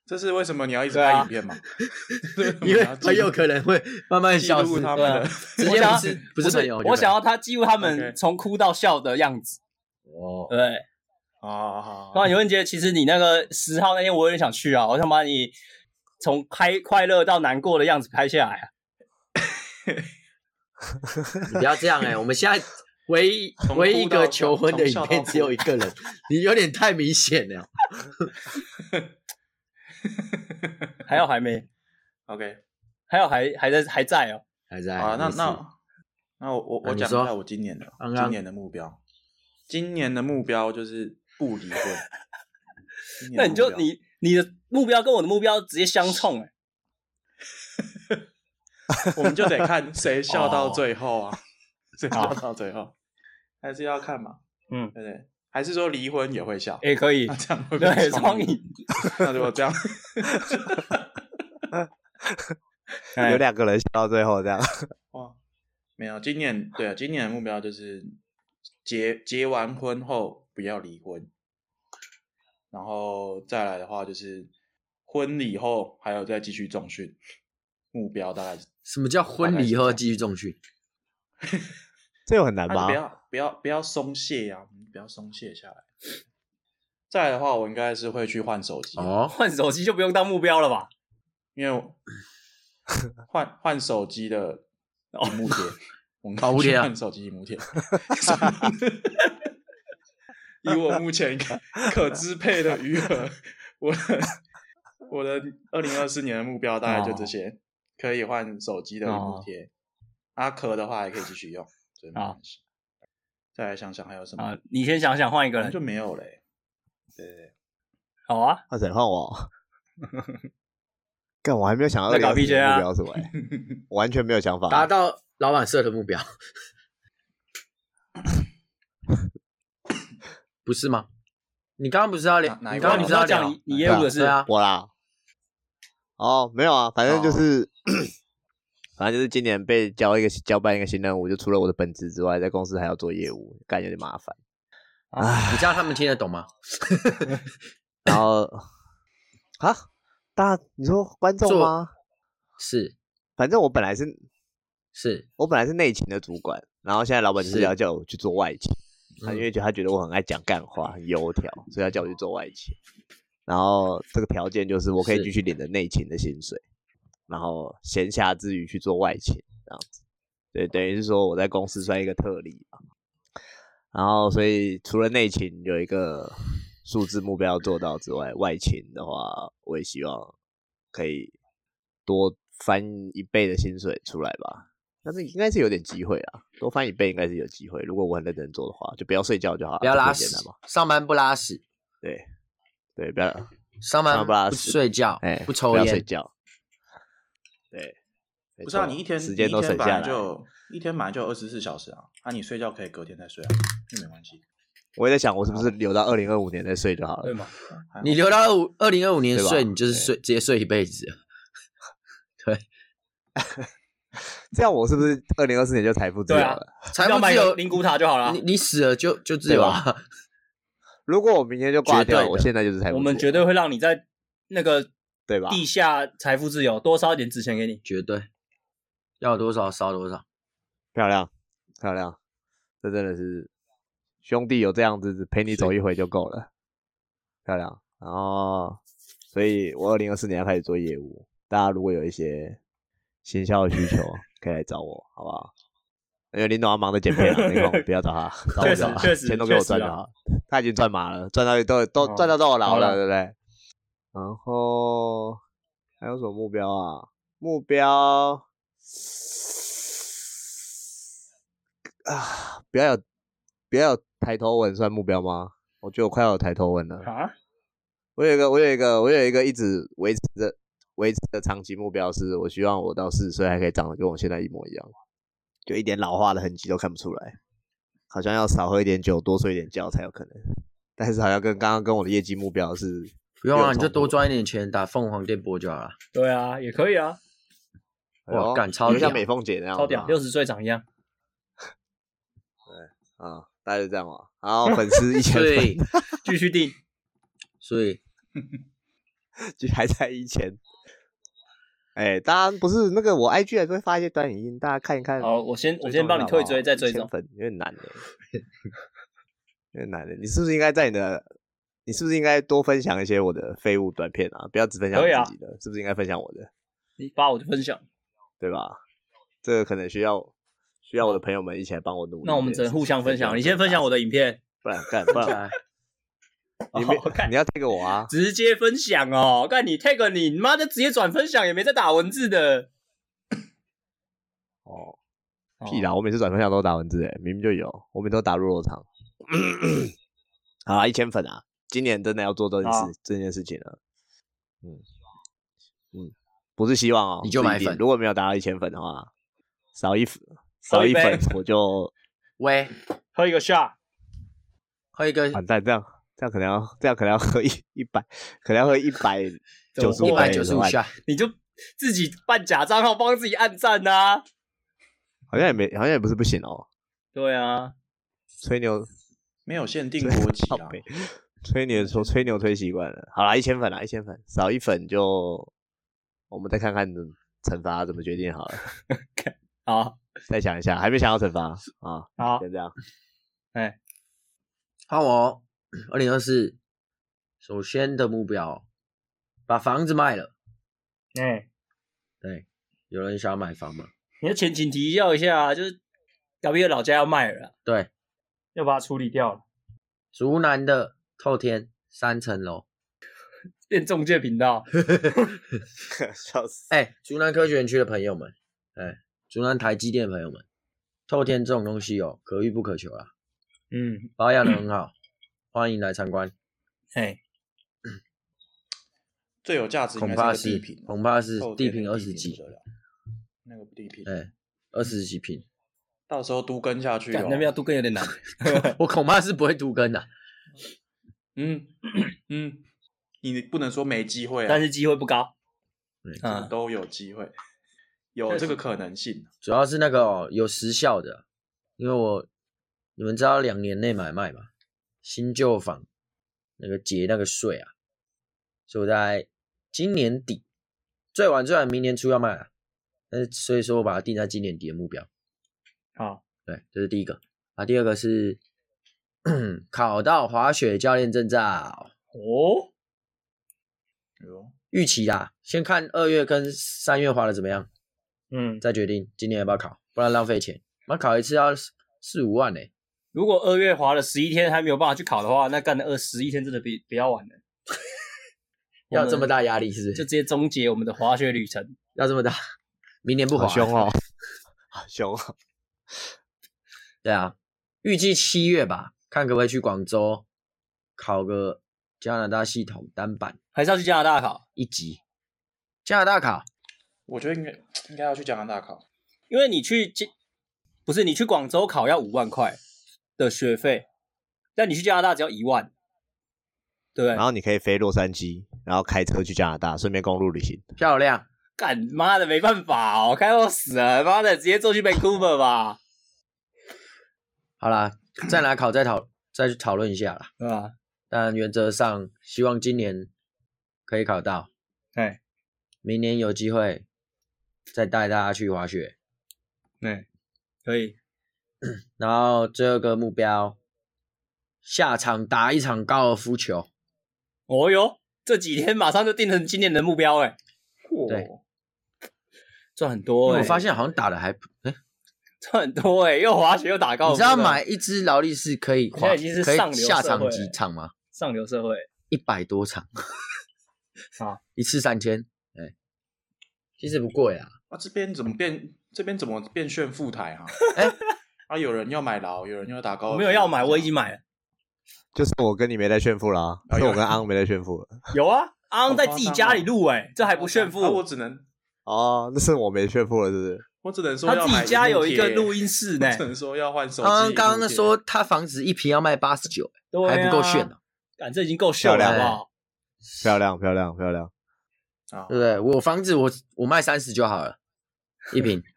這是為什麼你要一直拍影片嗎？啊、 他因為很有可能會慢慢笑他們。 是朋 我，是笑我想要，他記錄他們從哭到笑的樣子 oh.。哦，對，啊，好。那有人覺得其實你那個十號那天，我有點想去啊，我想把你從開快樂到難過的樣子拍下來、啊。 你不要這樣哎、欸， 我們現在。唯一唯一一個求婚的影片只有一個人，你有點太明顯了。 還好還沒，OK，還有還還在還在哦，還在，還在、喔、好啊。那那那，那我我那我講一下我今年的、啊、今年的目標，今年的目標就是不離婚 。那你就你你的目標跟我的目標直接相衝哎、欸， 我們就得看誰笑到最後啊，笑、oh. 到最後。 還是要看嘛，嗯，對，對，還是說離婚也會笑，哎、欸，可以、啊、會不會雙贏，創意，那如果這樣， 有兩個人笑到最後，這樣，哇，沒有，今年對啊，今年的目標就是結結完婚後不要離婚，然後再來的話就是婚禮後還有再繼續重訓，目標大概，是大概是什麼叫婚禮後繼續重訓？ 這個很難嗎？啊不要不要鬆懈呀！不要鬆懈、啊、懈下來。再來的話，我應該是會去換手機。哦，換手機就不用當目標了吧？因為換換手機的哦，目貼，我們去換手機目貼。Okay. 以我目前可，可支配的餘額，我的我的二零二四年的目標大概就這些。Oh. 可以換手機的補貼，阿、oh. 殼、啊、的話還可以繼續用，沒關係。Oh. 再來想想還有什麼啊？你先想想，換一個人就沒有嘞、欸。對，對，對，好啊。那再換我。幹， 我還沒有想到要搞 P 節啊，什我、欸、我完全沒有想法、啊。達到老闆設的目標， 不是嗎？你剛剛不是要聊？你剛剛不知道講你業務的事啊？我啦。哦，沒有啊，反正就是。 反正就是今年被交一個交辦一個新任務，就除了我的本職之外，在公司還要做業務，感覺有點麻煩。啊，你知道他們聽得懂嗎？ 然後，啊，大，你說觀眾嗎？是，反正我本來是，是我本來是內勤的主管，然後現在老闆就是要叫我去做外勤，他、嗯啊、因為覺得他覺得我很愛講幹話、很油條，所以要叫我去做外勤。然後這個條件就是我可以繼續領着內勤的薪水。然後閒暇之餘去做外勤，這樣子，對，等於是說我在公司算一個特例吧、啊。然後，所以除了內勤有一個數字目標要做到之外，外勤的話，我也希望可以多翻一倍的薪水出來吧。但是應該是有點機會啊，多翻一倍應該是有機會。如果我很認真做的話，就不要睡覺就好，不要拉屎，上班不拉屎。對，對，不要上班，上班不拉屎，睡覺、欸，不抽煙，不要睡覺。對，不是啊，你一天時間都省下來，就一天本來就二十四小時啊，那、啊、你睡覺可以隔天再睡啊，那沒關係。我也在想，我是不是留到二零二五年再睡就好了？啊、對嗎？你留到二五二零二五年睡，你就是睡直接睡一輩子。 對， 這樣我是不是二零二四年就財富自由了？財、啊、富自由靈骨塔就好了。你你死了就就自由了。 如果我明天就掛掉，我現在就是財富。我們絕對會讓你在那個。對吧？地下財富自由，多燒一點紙錢給你，絕對。要多少燒多少，漂亮，漂亮。這真的是兄弟有這樣子陪你走一回就夠了，漂亮。然後，所以我二零二四年開始做業務，大家如果有一些行銷的需求， 可以來找我，好不好？因為林總他忙着減配了、啊，林 總不要找他，找我找。錢都給我賺了，啊、 他已經賺麻了，賺到都都賺到到我老了、嗯，對不對？嗯然後還有什麼目標啊？目標啊，不要有不要有抬頭紋算目標嗎？我覺得我快要有抬頭紋了。啊？我有一個我有一個我有一個一直維持着維持的長期目標是，我希望我到四十歲還可以長得跟我現在一模一樣，就一點老化的痕跡都看不出來。好像要少喝一點酒，多睡一點覺才有可能。但是好像跟剛剛跟我的業績目標是。不用啊，你就多賺一點錢打鳳凰電波就好了。對啊，也可以啊。哇，敢超點，就像美鳳姐那樣，超屌，六十歲長一樣。對啊、哦，大家就這樣嘛，然後粉絲一千對，繼續訂。所以就 還在一千。哎、欸，當然不是那個，我 IG 還是會發一些短影音，大家看一看好好。好，我先我先幫你退追，再追蹤粉，有點難的，有 點難的。你是不是應該在你的？你是不是應該多分享一些我的廢物短片啊？不要只分享我自己的，啊，是不是應該分享我的？你發我就分享，對吧？這個可能需要需要我的朋友們一起來幫我努力。那我們只能互相分享，是是分享，你先分享我的影片，不然不然不然 你，哦，你要 tag 我啊？直接分享哦！幹你，tag 你，你媽的直接轉分享也沒在打文字的。 哦，屁啦！我每次轉分享都打文字誒，明明就有，我每次都打入肉腸咳咳。好啦，一千粉啊！今年真的要做這件事，這件事情了。嗯嗯，不是希望哦，你就買粉。如果沒有達到一千粉的話，少一少一，少一粉我就餵喝一個下喝一個。完蛋，這樣這樣可能要這樣可能要喝一一百，可能要喝一百九十五下。你就自己辦假賬號，幫自己按讚啊。好像也沒好像也不是不行哦。對啊，吹牛沒有限定國籍啊。吹牛說，吹牛吹習慣了，好了，一千粉了，一千粉少一粉就我們再看看懲罰怎麼決定好了。好、okay. oh.，再想一下，還沒想要懲罰啊？好，就這樣。哎、hey. 哦，好，我二零二四。首先的目標，把房子賣了。哎、hey.，對，有人想要買房嗎？你要前情提要一下啊，就是隔壁老家要賣了，對，要把它處理掉了。竹南的。透天三層樓變仲介頻道，笑死、 欸！誒竹南科學園區的朋友們，誒、欸、竹南台積電的朋友們，透天這種東西哦、喔，可遇不可求啊。嗯，保養得很好、嗯，歡迎來參觀。哎、嗯，最有價值的恐怕是恐怕是地坪二十幾，那個地坪誒二十幾坪、嗯，到時候都更下去、喔，那邊都更有點難， 我恐怕是不會都更的。嗯嗯，你不能說沒機會、啊，但是機會不高，嗯，都有機會，有這個可能性。主要是那個、哦、有時效的，因為我你們知道兩年內買賣嘛，新舊房那個結那個稅啊，所以我在今年底最晚最晚明年初要賣了，但是所以說我把它定在今年底的目標。好、哦，對，這是第一個，啊，第二個是。 考到滑雪教練證照哦，預期啦。先看二月跟三月滑的怎麼樣，嗯，再決定今年要不要考，不然浪費錢。那考一次要四五萬呢、欸。如果二月滑了十一天還沒有辦法去考的話，那幹了二十一天真的比比較晚了。 要這麼大壓力是不是？就直接終結我們的滑雪旅程？ 要這麼大？明年不滑好凶哦，好凶哦。好凶哦、 對啊，預計七月吧。看可不可以去廣州考個加拿大系統單板，還是要去加拿大考一級？加拿大考？我覺得應該應該要去加拿大考，因為你去不是你去廣州考要五萬塊的學費，但你去加拿大只要一萬，對，然後你可以飛洛杉磯，然後開車去加拿大，順便公路旅行，漂亮！幹媽的沒辦法哦，開到死了，媽的直接坐去 Vancouver 吧。好啦。再來考？再討再去討論一下啦。啊，吧？但原則上，希望今年可以考到。對，明年有機會再帶大家去滑雪。對，可以。然後這個目標，下場打一場高爾夫球。哦喲，這幾天馬上就定成今年的目標哎、欸。對。這很多、欸、我發現好像打的還哎。誒這很多哎、欸，又滑雪又打高爾夫。你知道買一只勞力士可以滑現在已經是上流社會下場幾場嗎？上流社會一百多場、 啊，一次三千、欸，其實不貴啊。啊這邊怎麼變？這邊怎麼變炫富台啊、 欸、啊有人要買勞，有人要打高，我沒有要買，我已經買了。就是我跟你沒在炫富了啊，是我跟安安沒在炫富。有啊，安、嗯、安、嗯嗯、在自己家裡錄哎、欸嗯，這還不炫富？那我,我只能哦，那是我沒炫富了，是不是？我只能說他自己家有一個錄音室呢、欸。只能說要換手機、啊。剛剛，剛說他房子一瓶要賣八十九，還不夠炫呢、啊。反正已經夠炫了。漂亮漂亮漂亮啊！對不對、哦？我房子我我賣三十就好了，一瓶。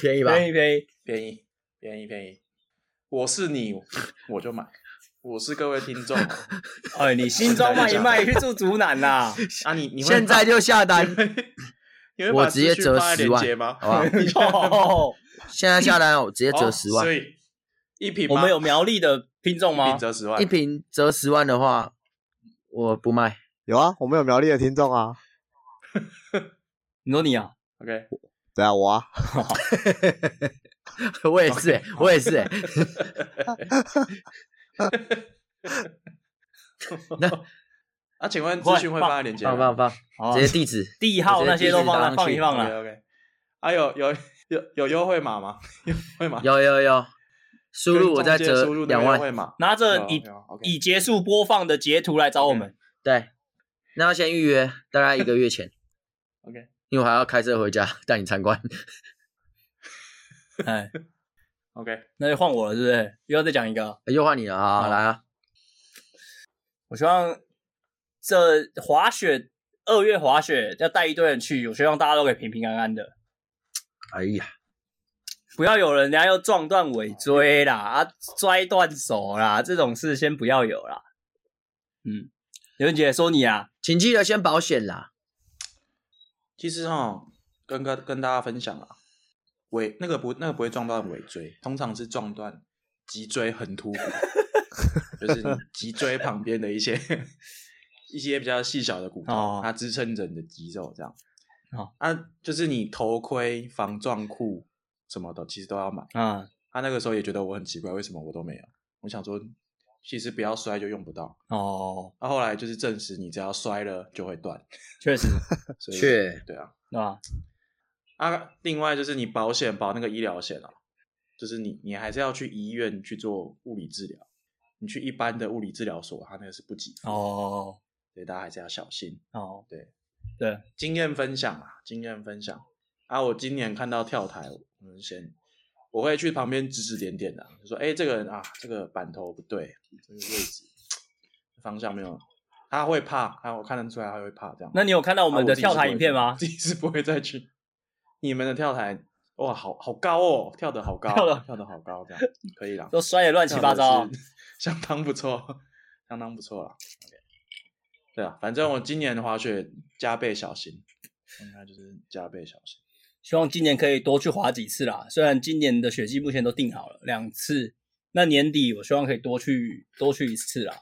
便宜吧？便宜便宜便宜便宜便宜。我是你，我就買。我是各位聽眾。 哎，你心中賣一賣去住竹南吶？啊，你你現在就下單。我直接折十萬好吧？啊！現在下單，我直接折十萬。所以一瓶，我們有苗栗的聽眾嗎？一瓶折十萬，一瓶折十萬的話，我不賣。有啊，我們有苗栗的聽眾啊。 你說你啊？OK，對啊， 我、欸。我也是、欸，我也是。那、啊、請問資訊會放在連結？放放放，直接地址、哦、地、址地號那些都放放一放了、嗯。OK，啊有有有有優惠碼嗎？優惠碼有有有，輸入我在折兩萬，以拿着已已結束播放的截圖來找我們。Okay. 對，那要先預約，大概一個月前。 OK，因為我還要開車回家帶你參觀。 哎，OK，那就換我了，是不是？又要再講一個，又換你了啊、okay.！來啊，我希望。這滑雪二月滑雪要帶一堆人去，有希望大家都可以平平安安的。哎呀，不要有人，人家要撞斷尾椎啦，啊摔斷手啦，這種事先不要有啦，嗯，劉姐說你啊，請記得先保險啦。其實哈、哦，跟跟跟大家分享啊，尾那個不那個不會撞斷尾椎，通常是撞斷脊椎橫突， 就是脊椎旁邊的一些。 一些比較細小的骨頭，oh. 它支撐着你的肌肉，這樣，oh. 啊，就是你頭盔、防撞褲什麼的，其實都要買。Uh. 啊，他那個時候也覺得我很奇怪，為什麼我都沒有？我想說，其實不要摔就用不到。哦、oh. 啊，那後來就是證實，你只要摔了就會斷。確 實所以，確 對啊，啊、 uh.，啊，另外就是你保險保那個醫療險啊，就是你你還是要去醫院去做物理治療。你去一般的物理治療所，他那個是不給付的。哦、oh.。所以大家還是要小心哦。Oh, 對對，經驗分享啊，經驗分享啊！我今年看到跳台，我們先，我會去旁邊指指點點的、啊，就說：“誒這個人啊，這個板頭不對，這個位置方向沒有。”他會怕，啊，我看得出來，他會怕這樣。那你有看到我們的跳台影片嗎？第一次不會再去。你們的跳台哇，好好高哦，跳得好高，跳得跳得好高，這樣可以了。都摔得亂七八糟，相當不錯，相當不錯了。對啊，反正我今年的滑雪加倍小心，那、嗯、就是加倍小心。希望今年可以多去滑幾次啦。雖然今年的雪季目前都定好了兩次，那年底我希望可以多去多去一次啦。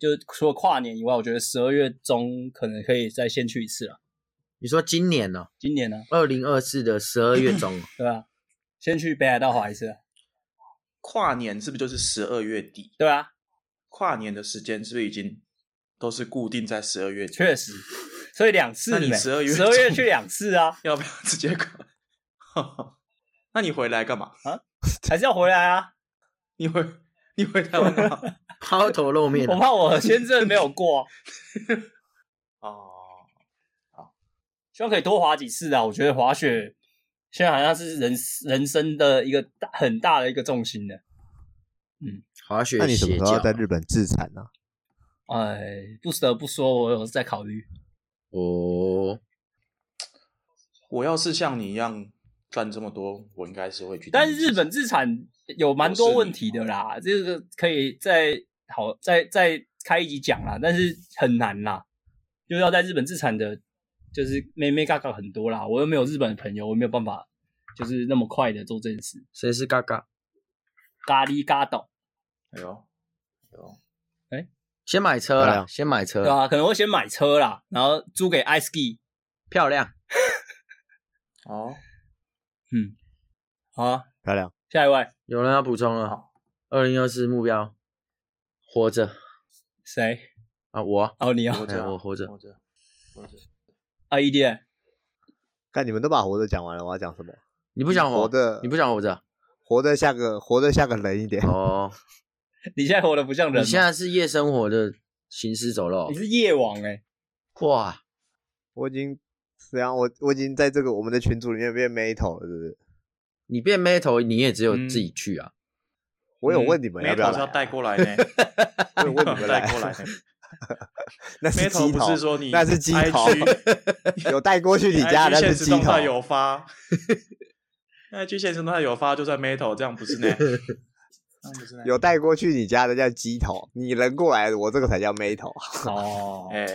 就除了跨年以外，我覺得十二月中可能可以再先去一次啦。你說今年呢，啊？今年呢，啊？二零二四的十二月中， 對吧，啊？先去北海道滑一次，啊。跨年是不是就是十二月底？對啊。跨年的時間是不是已經？都是固定在十二月，確實，所以兩次。你十二月、十二月去兩次啊？要不要直接過？那你回來幹嘛啊？ 還是要回來啊，你回？你回你回台灣幹嘛？拋 頭露面？我怕我簽證沒有過。哦，好，希望可以多滑幾次啊！我覺得滑雪現在好像是人人生的一個很大的一個重心呢。嗯，滑雪。嗯，那你什麼時候要在日本自殘呢，啊？哎，不得不說，我有在考慮。哦，我要是像你一樣賺這麼多，我應該是會去。但是日本置產有蠻多問題的啦，這個可以再好再再開一集講啦。但是很難啦，就要在日本置產的，就是眉眉嘎嘎很多啦。我又沒有日本的朋友，我沒有辦法，就是那麼快的做這件事。誰是嘎嘎？咖喱咖島。哎呦，哎呦。先買車了，先買車對吧、啊？可能會先買車啦，然後租給 Icey，漂亮，哦、 oh,，嗯，啊、oh,，漂亮，下一位有人要補充了，二零二四目標活着，誰啊？我、oh, 哦，你要。我講我活着，活着，活着，啊，一點，看你們都把活着講完了，我要講什麼？你不想活着？你不想活着？活得下個活得下個人一點哦。Oh. 你現在活得不像人嗎？你現在是夜生活的行屍走肉。你是夜王哎、欸！哇，我已經怎樣？我我已經在這個我們的群組裡面變 metal 了，是不是？你變 metal，你也只有自己去啊。嗯、我有問你們要不要？metal 是要帶過來呢、啊。 我有問你們帶過來。哈哈哈那是雞雞頭，不是說你。那是雞雞頭。 雞頭 有帶過去你家，那是雞頭。IG 限時動態他有發。 那 IG 限時動態他有發，就算 metal，這樣不是呢？ 有帶過去你家的叫雞頭，你能過來的，我這個才叫眉頭。哦，哎，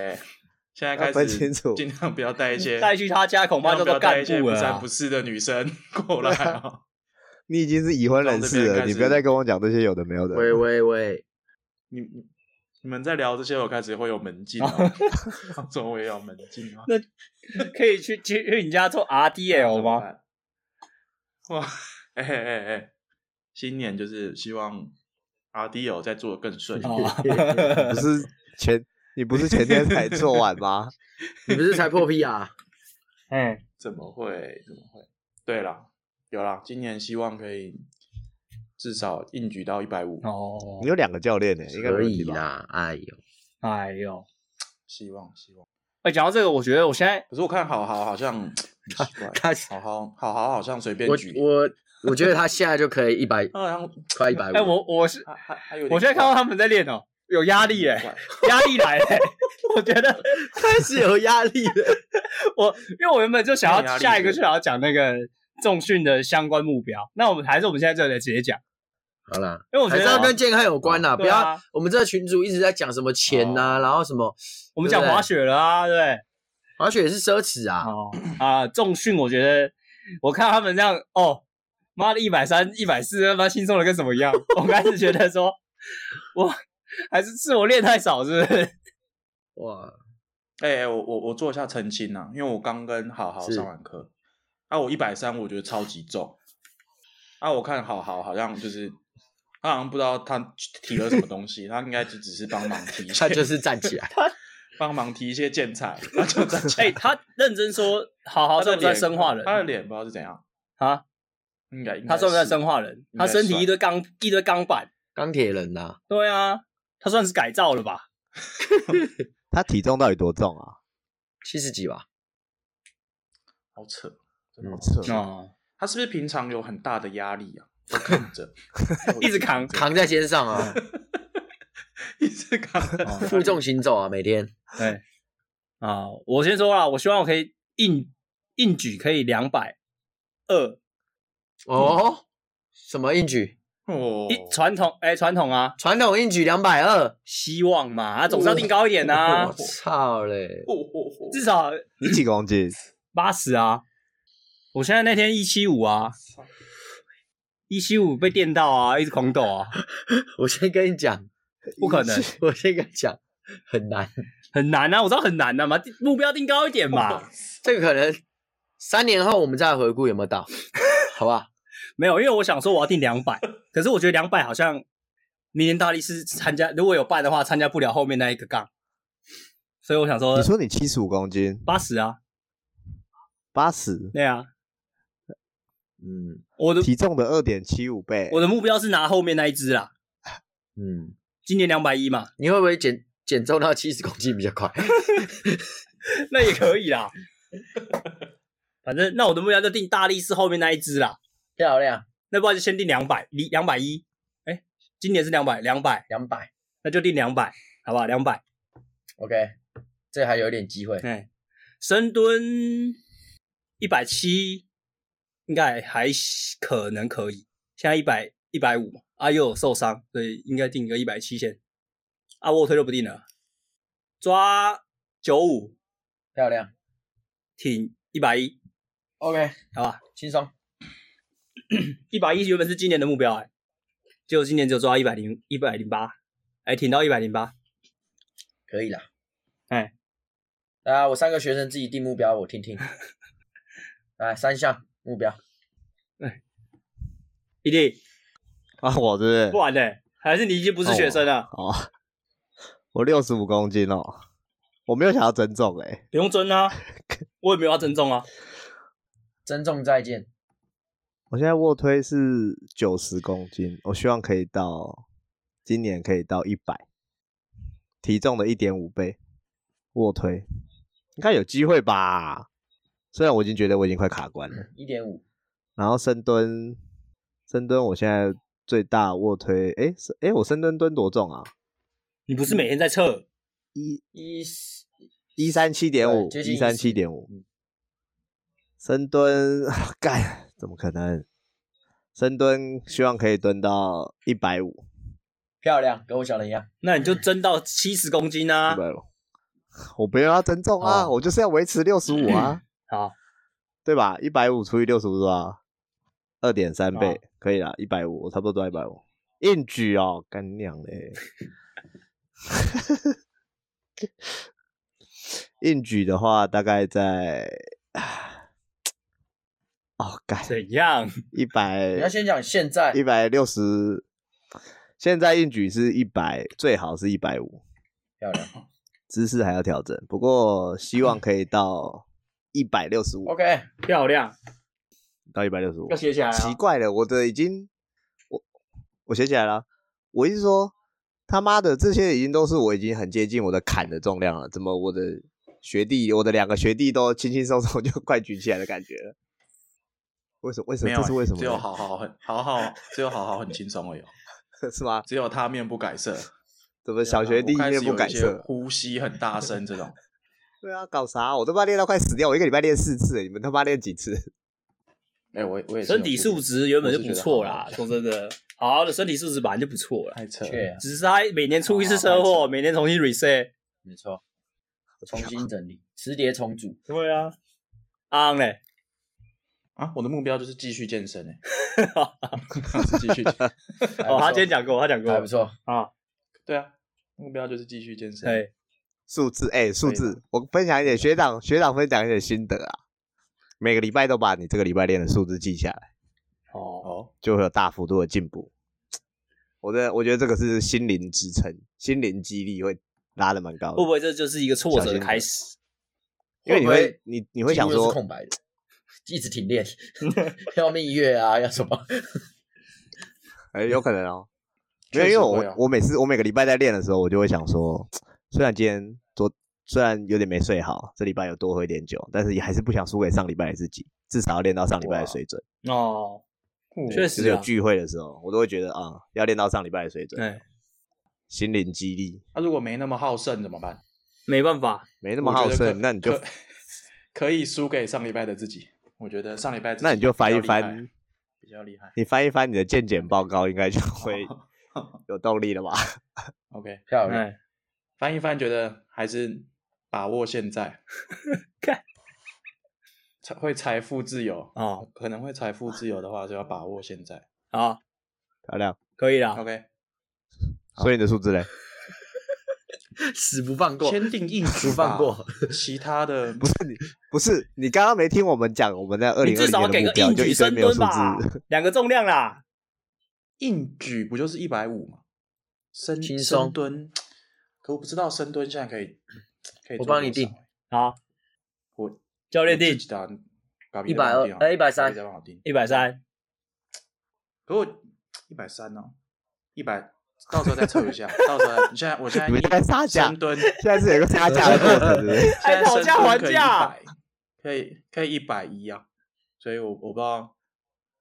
現在開始分清楚，盡量不要帶一些帶 去他家媽媽就、啊，恐怕叫做幹部在不是的，女生過來、哦啊、你已經是已婚人士了，你不要再跟我講這些有的沒有的。喂喂喂，你你你們在聊這些，我開始會有門禁、哦， 周圍有門禁嗎？ 那，那可以去去你家做 RDL 嗎？ 哇，哎哎哎。新年就是希望阿迪有在做得更順利， 你是前 你不是前天才做完嗎？ 你不是才破 P 啊？哎， 怎麼會？怎麼會？對了，有了，今年希望可以至少硬舉到一百五哦。你有兩個教練誒、欸，應該沒問題吧？哎呦，哎呦，希望希望。哎、欸，講到這個，我覺得我現在可是我看好好好像很奇怪， 好好好好好像隨便舉 我覺得他現在就可以一百、啊，快一百五。我我是，啊還還有，我現在看到他們在練哦、喔，有壓力哎、欸，壓力來哎、欸， 我覺得開始有壓力了。 我因為我原本就想要下一個，就要講那個重訓的相關目標。那我們還是我們現在這裡直接講好啦，因為我覺得還是要跟健康有關吶、啊哦啊，不要我們這個群組一直在講什麼錢吶、啊哦，然後什麼，我們講滑雪了啊，對，對滑雪也是奢侈啊，啊、哦呃，重訓我覺得我看到他們這樣哦。媽的，一百三、一百四，他媽輕鬆的跟什麼一樣？ 我開始覺得說，我還是是我練太少，是不是？哇！哎、欸，我我我做一下澄清啦、啊。因為我剛跟好好上完課，啊，我一百三，我覺得超級重。啊，我看好好好像就是他好像不知道他提了什麼東西， 他應該就只是幫忙提一下。一他就是站起來，他 幫忙提一些建材，他就站起來。哎、欸，他認真說，好好算不算生化人？他的臉不知道是怎樣啊？應該應該是他算不算生化人？他身體一堆鋼，一堆鋼板，鋼鐵人吶、啊。對啊，他算是改造了吧？ 他體重到底多重啊？七十幾吧？好扯，真好扯啊！他是不是平常有很大的壓力啊？着 扛著， 一直扛，扛在肩上啊， 一直扛、 哦，負重行走啊，每天。 對，啊、呃，我先說啊，我希望我可以硬硬舉可以兩百二。哦，什麼硬舉？哦，一傳統哎，傳、欸、統啊，傳統硬舉兩百二，希望嘛，啊，總是要定高一點吶、啊！操嘞，至少你幾公斤？八十啊！我現在那天一七五啊、哦哦哦，一七五被電到啊，一直狂抖啊！我先跟你講，不可能！我先跟你講，很難，很難啊！我知道很難的、啊、嘛，目標定高一點嘛、哦。這個可能三年後我們再回顧有沒有到， 好吧？沒有，因為我想說我要定兩百，可是我覺得兩百好像明年大力士參加，如果有辦的話，參加不了後面那一個槓，所以我想說，你說你七十五公斤，八十啊？八十對啊。嗯，我的體重的二點七五倍，我的目標是拿後面那一支啦。嗯，今年兩百一嘛。你會不會減減重到七十公斤比較快？ 那也可以啦 反正那我的目標就定大力士後面那一支啦。漂亮，那不然就先定兩百你兩百一。哎、欸，今年是兩百，兩百，兩百，那就定兩百，好不好？兩百，OK。這還有點機會。嗯，深蹲一百七，應該還可能可以。現在一百一百五啊，又有受傷，所以應該定一個一百七先。啊，臥推就不定了，抓九五，漂亮。挺一百一，OK，好吧，輕鬆。一百一十原本是今年的目標，哎、欸，結果今年只有抓到一百零一百零八，哎，挺到一百零八，可以啦，哎、欸，那、啊、我三個學生自己定目標，我聽聽，來、 啊、三項目標，哎、欸，一定。啊我對不對？不玩的，、欸，還是你已經不是學生了？哦，哦我六十五公斤哦，我沒有想要增重，哎、欸，不用增啊，我也沒有要增重啊，增 重再見。我現在臥推是九十公斤，我希望可以到今年可以到一百，體重的一點五倍。臥推應該有機會吧？雖然我已經覺得我已經快卡關了。一點五，然後深蹲，深蹲我現在最大臥推，誒，誒，誒，我深蹲蹲多重啊？你不是每天在測？一、一、一三七點五，一三七點五。嗯。深蹲，幹。怎麼可能？深蹲希望可以蹲到一百五，漂亮，跟我想的一樣。那你就增到七十公斤啊！我不要要增重啊，oh. 我就是要維持六十五啊。好、嗯，oh. 對吧？一百五除以六十五是吧？二點三倍，oh. 可以啦。一百五我差不多都一百五。硬舉哦，幹娘嘞！ 硬舉的話，大概在。哦，改怎樣？一百你要先講現在，一百六十。現在硬舉是一百，最好是一百五，漂亮。姿勢還要調整，不過希望可以到一百六十五。OK，漂亮，到一百六十五。要寫起來、哦。奇怪了，我的已經我我寫起來了。我一直說他媽的這些已經都是我已經很接近我的坎的重量了，怎麼我的學弟，我的兩個學弟都輕輕松鬆就快舉起來的感覺了？為什麼？為什麼？欸、這是為什麼？只有好好很好好，只有好好很輕鬆而已，喔， 是嗎？只有他面不改色，怎麼小學弟面不改色？呼吸很大聲，這種。 對啊，搞啥？我都他媽練到快死掉，我一個禮拜練四次，欸，你們他媽練幾次？哎、欸，我我也是身體素質原本就不錯啦好好，說真的， 好好的身體素質本來就不錯了，太扯了。只是他每年出一次車禍，啊，每年重新 reset。沒錯，重新整理，磁、啊、碟重組。對啊，昂、嗯、嘞。啊，我的目標就是繼續健身，繼、欸、 繼續 還還，哦，他今天講過，他講過，還，還不錯啊，啊，對啊，目標就是繼續健身。哎、欸，數字哎、數、欸、字、欸，我分享一點學長學長分享一點心得啊，每個禮拜都把你這個禮拜練的數字記下來，哦哦，就會有大幅度的進步。我的我覺得這個是心靈支撐，心靈激勵會拉得蠻高的。會不會這就是一個挫折的開始？因為你會你你會想說，是空白的。一直停練， 要蜜月啊， 要什麼？哎、欸，有可能哦。因為因為我我每次我每個禮拜在練的時候，我就會想說，雖然今天昨雖然有點沒睡好，這禮拜有多喝一點酒，但是也還是不想輸給上禮拜的自己，至少要練到上禮拜的水準。哦，確實。只有聚會的時候，我都會覺得啊、嗯，要練到上禮拜的水準。對，心靈激勵。那、啊、如果沒那麼好勝怎麼辦？沒辦法，沒那麼好勝，那你就可，可以輸給上禮拜的自己。我覺得上禮拜，那你就翻一翻，比較厲害。厲害你翻一翻你的健檢報告，應該就會、哦、 有動力了吧？OK，漂亮。嗯、翻一翻，覺得還是把握現在，看 會財富自由啊、哦？可能會財富自由的話，就要把握現在啊、哦。漂亮，可以啦。OK，所以你的數字嘞？死不放過，簽訂硬死不放過 其他的不是你不是你剛剛沒聽我們講，我們在二零二零年講，你至少給個硬舉深蹲吧，就是沒有數字，兩個重量啦，硬舉不就是一百五嗎？深深蹲，可我不知道深蹲現在可以，欸、我幫你定好，我教練定一百二，哎一百三，一百三，可我一百三呢，一百。 到時候再抽一下， 到時候你現在我現在在殺價，現在是有個差價的過程，還討價還價，可以可以一百一啊，所以我我不知道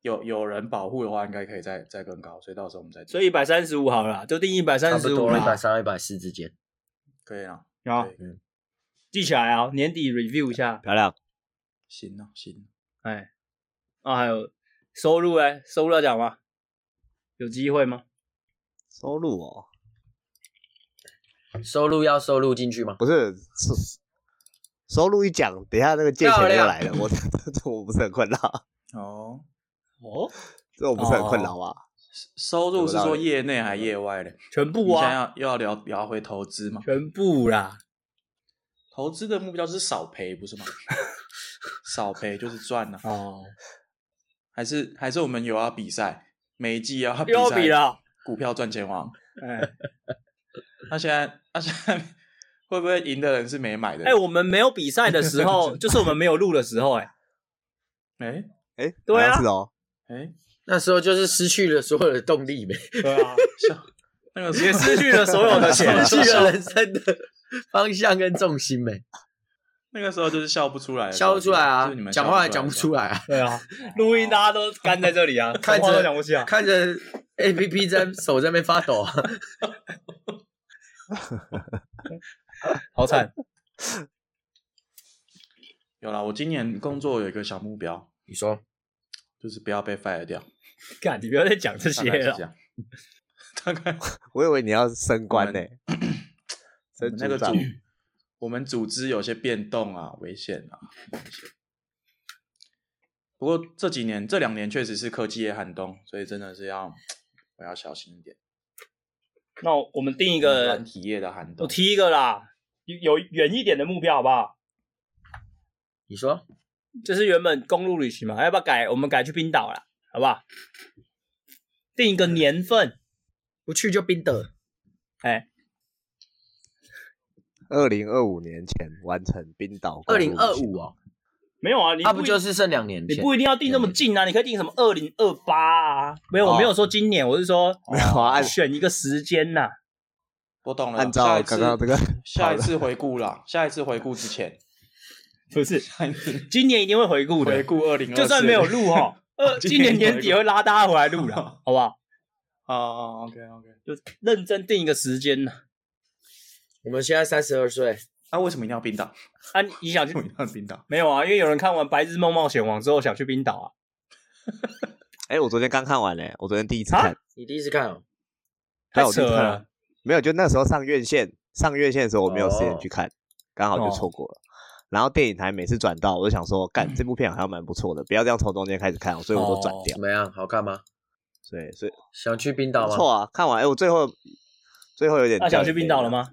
有有人保護的話，應該可以再再更高，所以到時候我們再，所以一百三十五好了啦，就定一百三十五，差不多一百三一百四之間，可以了，好、哦，嗯，記起來啊、哦，年底 review 一下，漂亮，行了、啊、行，哎，那、哦、還有收入哎，收入要講嗎？有機會嗎？收入哦，收入要收入進去嗎？不是，是收入一講，等一下那個借錢的又來了，我我，我不是很困擾。哦哦，這我不是很困擾啊、哦。收入是說業內還是業外的全部啊？啊，想要又要聊聊回投資嗎？全部啦，投資的目標是少賠不是嗎？ 少賠就是賺了、啊、哦。還是還是我們有要比賽，每一季要比賽。股票賺錢王，哎、欸，那、啊、現在，那、啊、現在會不會贏的人是沒買的？哎、欸，我們沒有比賽的時候， 就是我們沒有錄的時候、欸，哎、欸，哎、欸，對啊，哎、哦欸，那時候就是失去了所有的動力唄，對啊，也 失去了所有的錢， 失去了人生的方向跟重心唄。那個時候就是笑不出來，笑不出來啊！講話也講不出來啊！對啊，錄、oh. 音大家都乾在這裡啊， 啊看着看着 A P P 在手在那邊發抖啊， 好慘慘！ 有啦，我今年工作有一個小目標，你說，就是不要被 fire 掉。幹， 你不要再講這些了。大概 我以為你要升官呢、欸，升組長。我們組織有些變動啊，危險啊危險！不過這幾年、這兩年確實是科技業寒冬，所以真的是要我要小心一點。那我們定一個。軟體業的寒冬。我提一個啦有，有遠一點的目標好不好？你說，這、就是原本公路旅行嘛，要不要改？我們改去冰島啦好不好？定一個年份， 不去就冰得，哎、欸。二零二五年前完成冰島。二零二五啊，沒有啊，他不、啊、不就是剩兩年前？你不一定要定那麼近啊，你可以定什麼二零二八啊。沒有，oh. 我沒有說今年，我是說沒有啊，oh. Oh. 我選一個時間吶、啊。我懂了，按照剛剛這個下一、下一次回顧了，下一次回顧之前 不是， 今年一定會回顧的。回顧二零，就算沒有錄哈、哦，二 今年 年底也會拉大家回來錄了， 好不好？好好 OK OK，就認真定一個時間呢、啊。我們現在三十二歲，那、啊、為什麼一定要冰島？啊，你想去，什麼一定要冰島？沒有啊，因為有人看完《白日夢冒險王》之後想去冰島啊。哎、 欸，我昨天剛看完嘞、欸，我昨天第一次看。你第一次看哦？太扯了，啦，沒有，就那時候上院線上院線的時候我沒有時間去看，剛、哦、好就錯過了、哦。然後電影台每次轉到，我就想說，幹這部片好像蠻不錯的、嗯，不要這樣從中間開始看、哦，所以我都轉掉、哦。怎麼樣？好看嗎？以所以，所以想去冰島嗎？錯啊，看完哎、欸，我最後最後有點、啊，他想去冰島了嗎？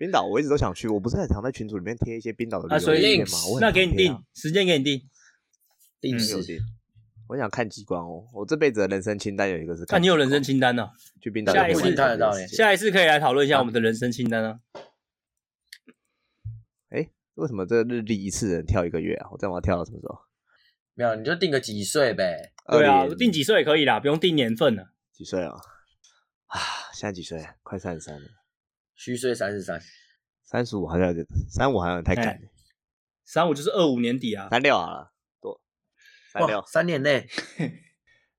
冰島，我一直都想去。我不是很常在群組裡面貼一些冰島的圖片、啊 X, 啊、那給你定時間，給你定、嗯、有定。我想看極光哦，我這輩子的人生清單有一個是看。那、啊、你有人生清單呢、啊？去冰島。下一次看得到。下一次可以來討論一下我們的人生清單啊。哎、啊，為什麼這日曆一次能跳一個月啊？我再往跳到什麼時候？沒有，你就定個幾歲唄。對啊，20... 定幾歲也可以啦，不用定年份呢。幾歲啊？啊，現在幾歲？快三十三了。虛歲三十三，三十五好像，三五好像太趕，欸、三五就是二五年底啊，三六啊了，多三六三年內，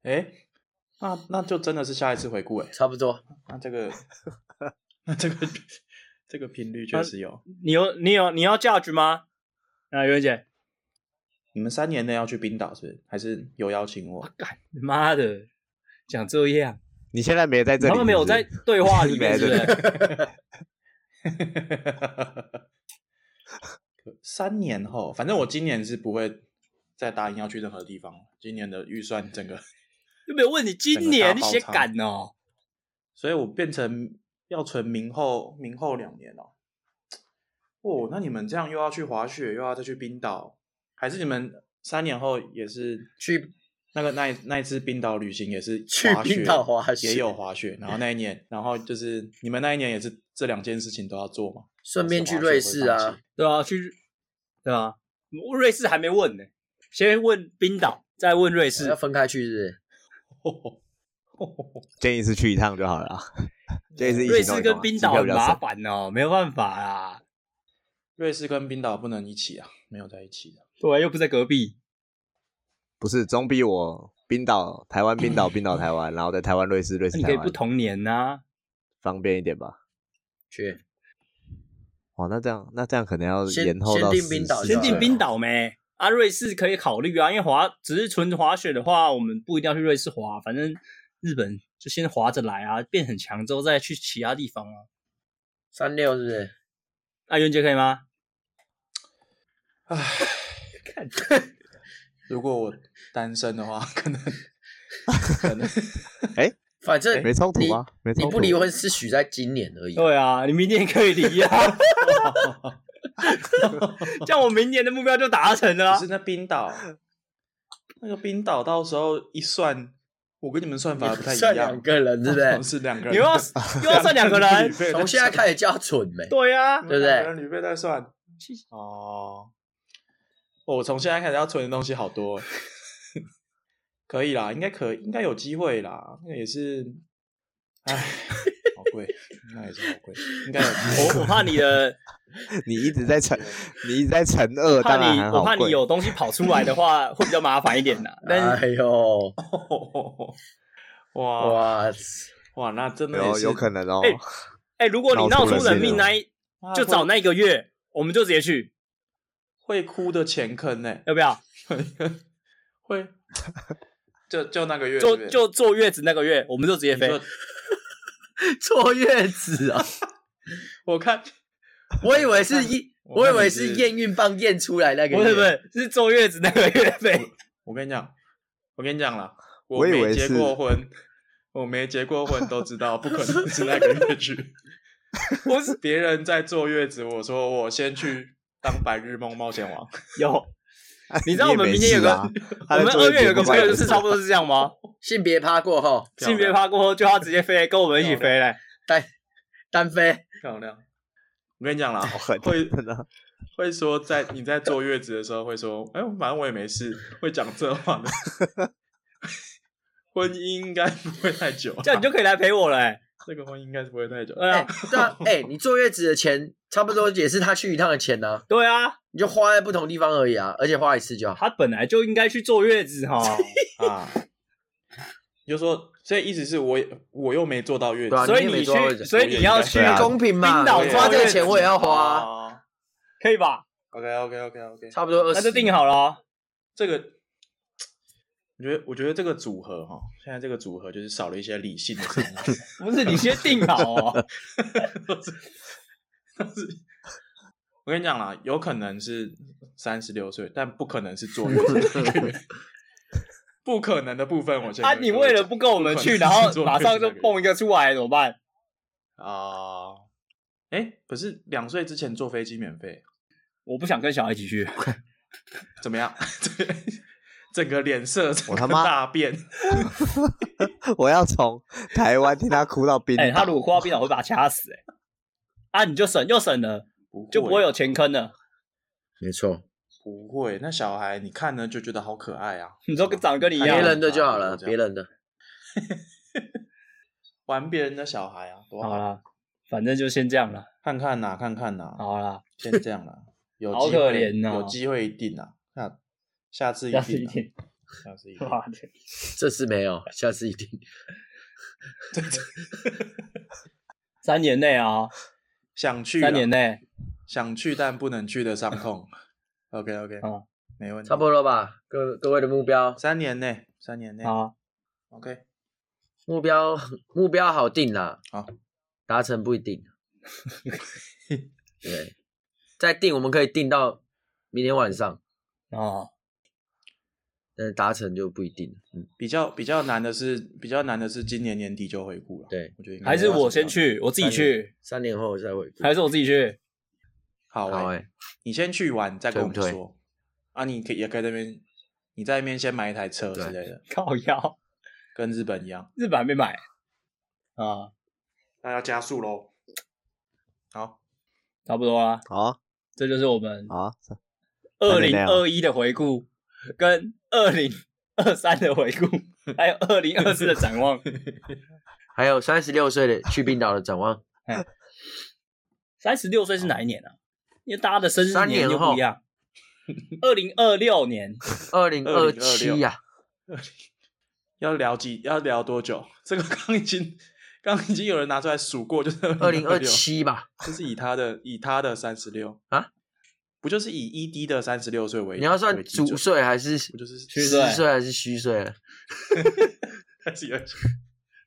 哎、 欸，那那就真的是下一次回顧哎，差不多，那這個， 那這個這個頻率確實有、有，你有你有你要 judge 嗎？啊，尤姐，你們三年內要去冰島是不是？還是有邀請我？你、啊、媽的，講這樣。你現在沒在這裡？他們沒有在對話裡面，對不對？ 三年後，反正我今年是不會再答應要去任何地方。今年的預算整個就 沒有問你今年寫感哦。所以我變成要存明後明後兩年哦。哦，那你們這樣又要去滑雪，又要再去冰島，還是你們三年後也是去？那個那那一次冰島旅行也是滑雪，去冰島滑雪，也有滑雪。然後那一年， 然後就是你們那一年也是這兩件事情都要做嗎？順便去瑞士啊，對啊，去對啊，瑞士還沒問呢、欸，先問冰島，再問瑞士。啊、要分開去是，不是、哦哦哦哦。建議是去一趟就好了、啊。建議是一趟、啊、瑞士跟冰島有。麻煩哦，沒有辦法啊。瑞士跟冰島不能一起啊，沒有在一起的、啊。對，又不是在隔壁。不是，總比我冰島、台灣、 冰島、冰島、台灣，然後在台灣、 瑞士、瑞士、你可以不同年啊，方便一點吧？去。哇，那這樣，那這樣可能要延後到冰島，先定冰島沒？阿、哦啊、瑞士可以考慮啊，因為滑只是純滑雪的話，我們不一定要去瑞士滑，反正日本就先滑着來啊，變很強之後再去其他地方啊。三六是不是？阿、啊、元杰可以嗎？唉，看。 如果我單身的話，可能可能，哎， 反正你沒衝突嗎？沒衝突。你不離婚是許在今年而已、啊。對啊，你明年可以離啊。 哇 這樣我明年的目標就達成了、啊。就是那冰島，那個冰島到時候一算，我跟你們算法不太一樣，算兩個人對不對？不是兩個人，你又要 又要算兩個人。從 現在開始叫蠢唄、欸。對呀、啊，對不對？女配在算。謝謝哦。我從現在開始要存的東西好多，可以啦，應該可應該有機會啦。那也是，哎，好貴，那也是好貴。應該有，我我怕你的，你一直在乘， 你一直在乘二，但你我怕你有東西跑出來的話會比較麻煩一點呢。但是，哎呦，哦、哇、What? 哇，那真的有有可能哦。哎、欸欸，如果你鬧出，出人命那一，就找那一個月，我們就直接去。會哭的前坑呢、欸，要不要？ 會 就，就就那個月就，坐就坐月子那個月，我們就直接飛。 坐月子啊 ？ 我看，我，我以為是我以為是驗孕棒驗出來那個月，不是不是，是坐月子那個月飛。我跟你講，我跟你講了，我，我沒結過婚，我沒結過婚都知道不可能是那個月去。我是別人在坐月子，我說我先去。 當白日夢冒險王有，你知道我們明天有個，啊、 我們二月有個朋友就是差不多是這樣嗎？性別趴過後，性別趴過後就要直接飛，跟我們一起飛嘞，單單飛漂亮。我跟你講啦， 會 會說在你在坐月子的時候會說， 哎呦，反正我也沒事，會講這話的。 婚姻應該不會太久、啊，這樣你就可以來陪我嘞、欸。這個婚姻應該是不會太久。哎、欸，啊， 哎、欸，你坐月子的錢差不多也是他去一趟的錢啊。對啊，你就花在不同地方而已啊，而且花一次就好。他本來就應該去坐月子哈。 啊，你就說，所以意思是我我又沒坐到、啊、到月子，所以你去，所以你要去，啊、公平嗎？冰島花這個錢我也要花，可以吧，可以吧？OK OK OK OK，差不多，那就定好了、啊。這個。我覺得，我覺得這個組合哈、哦，現在這個組合就是少了一些理性的東西。 不是你先定好哦。不 是，是，我跟你講啦，有可能是三十六歲，但不可能是坐飛機。 不可能的部分，我覺得。啊，你為了不跟我們去，然後馬上就蹦一個出來，怎麼辦？啊、呃，哎，可是兩歲之前坐飛機免費，我不想跟小孩一起去。 怎麼樣？ 整個臉色從他媽大變， 我要從台灣聽他哭到冰島。欸、他如果哭到冰島，我會把他掐死。哎，啊，你就省又省了，就不會有前坑了。沒錯，不會。那小孩你看呢，就覺得好可愛啊。你說跟、啊、長得跟你一樣、啊？別人的就好了，別人的 ，玩別人的小孩啊。好，好啦，反正就先這樣了，看看哪、啊，看看哪、啊。好了，先這樣了。 有好可憐、啊、有機會一定啊。 下次，啊、下次一定，下次一定，這次沒有，下次一定。 三年內啊、哦，想去三年內想去但不能去的傷痛。 OK OK，嗯，沒問題，差不多吧。各各位的目標，三年內，三年內啊。OK，目標目標好定啦。好、哦，達成不一定。 對，再定我們可以定到明天晚上啊。哦達成就不一定，嗯，比較比較難的是，比較難的是今年年底就回顧了。對，我覺得應該還是我先去，我自己去。三年，三年後我再回顧，還是我自己去。好、欸、好、欸、你先去玩，再跟我們說。對對對。啊，你可以也可以在那邊，你在那邊先買一台車之類的，靠腰，跟日本一樣，日本還沒買啊，那要加速嘍。好，差不多啊。好啊，這就是我們啊，二零二一的回顧跟。二零二三的回顧，還有二零二四的展望， 還有三十六歲的去冰島的展望。三十六歲是哪一年呢？啊？因為大家的生日年就不一樣。二零二六年，二零二七呀。要聊幾？要聊多久？這個剛已經，剛已經有人拿出來數過，就是二零二七吧？就 是以他的，以他的三十六啊。不就是以 ED 的三十六歲為？你要算足歲還是？我虛歲還是虛歲？歲。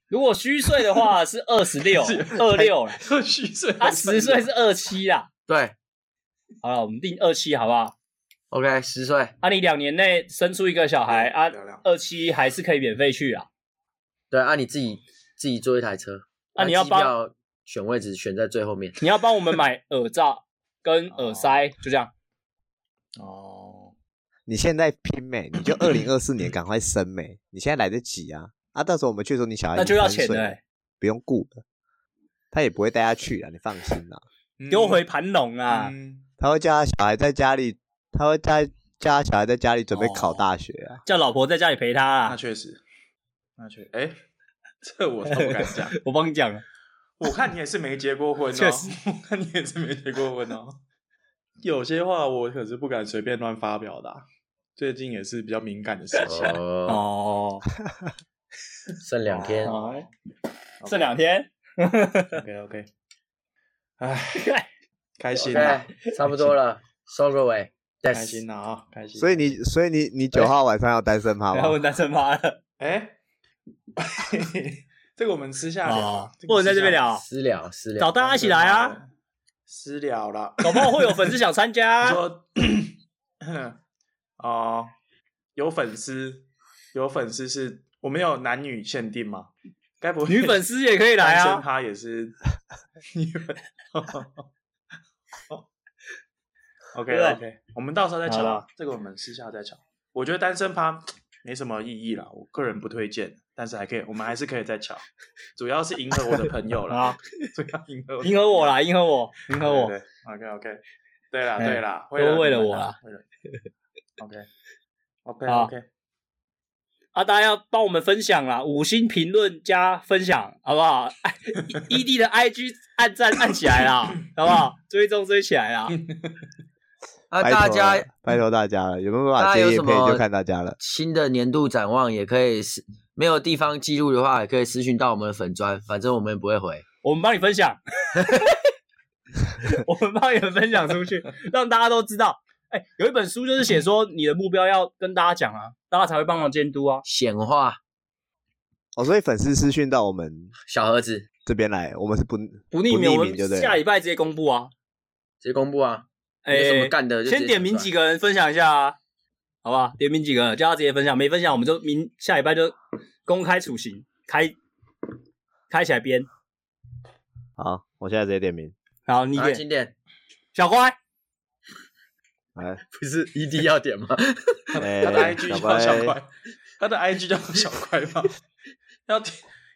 如果虛歲的話是二十六，二六。虛 歲。啊，足歲是二七啦。對。好了，我們定二七好不好？OK，足歲。啊，你兩年內生出一個小孩啊，二七還是可以免費去啊。對啊，你自己自己坐一台車啊，你要幫我選位置選在最後面。你要幫我們買耳罩。 跟耳塞、oh. 就這樣哦。你現在拼美，你就二零二四年趕快生美， 你現在來得及啊！啊，到時候我們去說你小孩，那就要錢，欸，不用顧了，他也不會帶他去啊，你放心啦。給我回盤龍啊，嗯嗯，他會叫他小孩在家裡，他會叫他小孩在家裡準備考大學啊，oh. 叫老婆在家裡陪他啊。那確實，那確實，哎，欸， 這我都不敢講， 我幫你講啊。我看你也是沒結過婚哦，確實， 我看你也是沒結過婚哦。有些話我可是不敢隨便亂發表的，啊，最近也是比較敏感的時候哦，哦， 剩兩天哦。剩兩天，剩兩天。OK OK, okay. 唉。哎， 開心了，okay, 差不多了，收個尾。開心，開心了啊，哦，開心。所以你，所以你，你九號晚上要單身趴嗎？要單身趴了。哎。 這個我們私下聊、哦這個私下，不能在這邊聊。私聊，私聊，找大家一起來啊！私聊了啦，搞不好會有粉絲想參加 說 哦。有粉絲，有粉絲是，我們有男女限定嗎？該不會女粉絲也可以來啊？單身趴也是 女粉。 OK OK，我們到時候再講啊這個我們私下再講。我覺得單身趴。沒什麼意義啦，我個人不推薦，但是還可以，我們還是可以再瞧，主要是迎合我的朋友啦。 啊，迎合迎合我啦， 迎合我，迎合我對對，OK OK，對啦、欸、對啦都為了我啦。OK OK OK，okay. 啊，啊大家要幫我們分享啦，五星評論加分享，好不好 ？ED -E、的 IG 按讚按起來啦， 好不好？追蹤追起來啦。 啊、大家拜託大家了，有沒有辦法？大家有什麼就看大家了。新的年度展望也可以私，沒有地方記錄的話，也可以私訊到我們的粉專，反正我們也不會回，我們幫你分享， 我們幫你分享出去， 讓大家都知道。哎、欸，有一本書就是寫說你的目標要跟大家講啊，大家才會幫忙監督啊。顯化哦，oh, 所以粉絲私訊到我們小盒子這邊來，我們是不不匿名，匿名我們下禮拜直接公布啊，直接公布啊。哎、欸，先點名幾個人分享一下，欸、好吧好吧？點名幾個，人，叫他直接分享，沒分享我們就明，下禮拜就公開處刑，開開起來編。好，我現在直接點名。好，你點。請、啊、點。小乖。哎。不是，一定要點嗎、哎 他？他的 IG 叫小乖、哎小，他的 IG 叫小乖嗎？ 乖嗎要點。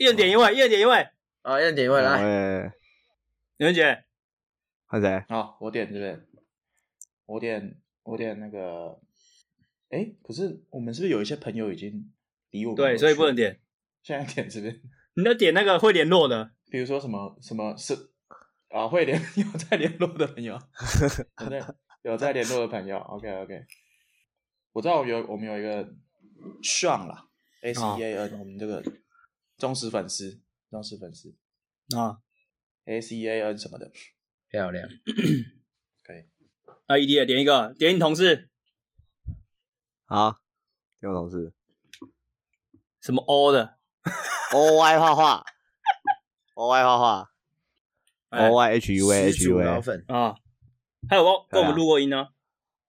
一人點一位，一人點一位，啊，一人點一位來。有人傑，是誰？好，點點 okay. oh, 我點這邊。我點，我點那個。誒、欸、可是我們是不是有一些朋友已經離我，我對，所以不能點。現在點這邊。你要點那個會聯絡， 絡的，比如說什麼什麼是啊？會聯 有在聯絡的朋友， 有在聯絡的朋友。OK，OK、okay, okay.。我知道我有我們有一個，上了，Sean，我們這個。忠實粉絲，忠實粉絲啊，S E A N 什麼的，漂亮，可以。啊 E D 點一個，點你同事，好、啊，點我同事，什麼 O 的，O Y 畫畫 ，O Y 畫畫 o, ，O Y H U A H U A 老粉啊，還有不跟我們錄過音呢？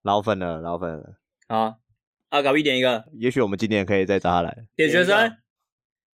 老、啊、粉了，老粉了。啊啊，搞 B 點一個，也許我們今年可以再找他來，點學生。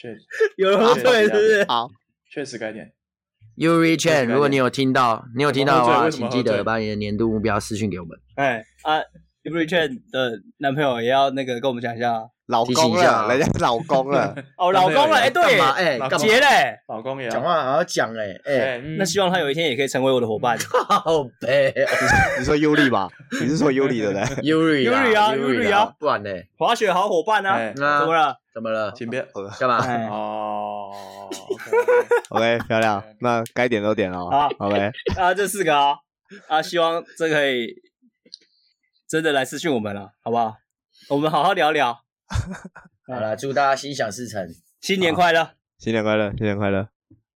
確實有、啊、對，是不是？好，確實該點。u r c h i n 如果你有聽到，你有聽到的話，啊、請記得把你的年度目標私訊給我們。哎，啊 u r c h i n 的男朋友也要那個跟我們講一下。老公了、啊，人家老公了， 哦，老公了，哎，對，哎、欸欸，結嘞，老公也講話好像講哎，哎、欸欸嗯，那希望他有一天也可以成為我的伙伴。好、欸、唄，嗯 哦欸哦、是 你說優利吧， 你是說優利的嘞？優利，優利啊，優利啊，啊，啊，不然嘞、欸，滑雪好伙伴啊。怎、欸、麼 了？怎麼了？ 請別幹嘛？ 哦，OK，漂亮，那該點都點了。好好嘞。啊，這四個啊，啊，希望這可以真的來私訊我們了，好不好？我們好好聊聊。 好了，祝大家心想事成，新年快樂，哦，新年快樂，新年快樂。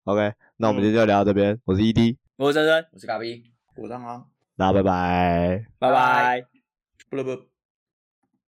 OK，那我們今天就聊到這邊。嗯、我是 ED，我是真真，我是卡比，我是張昂。那拜拜，拜拜，不不不。Blubub.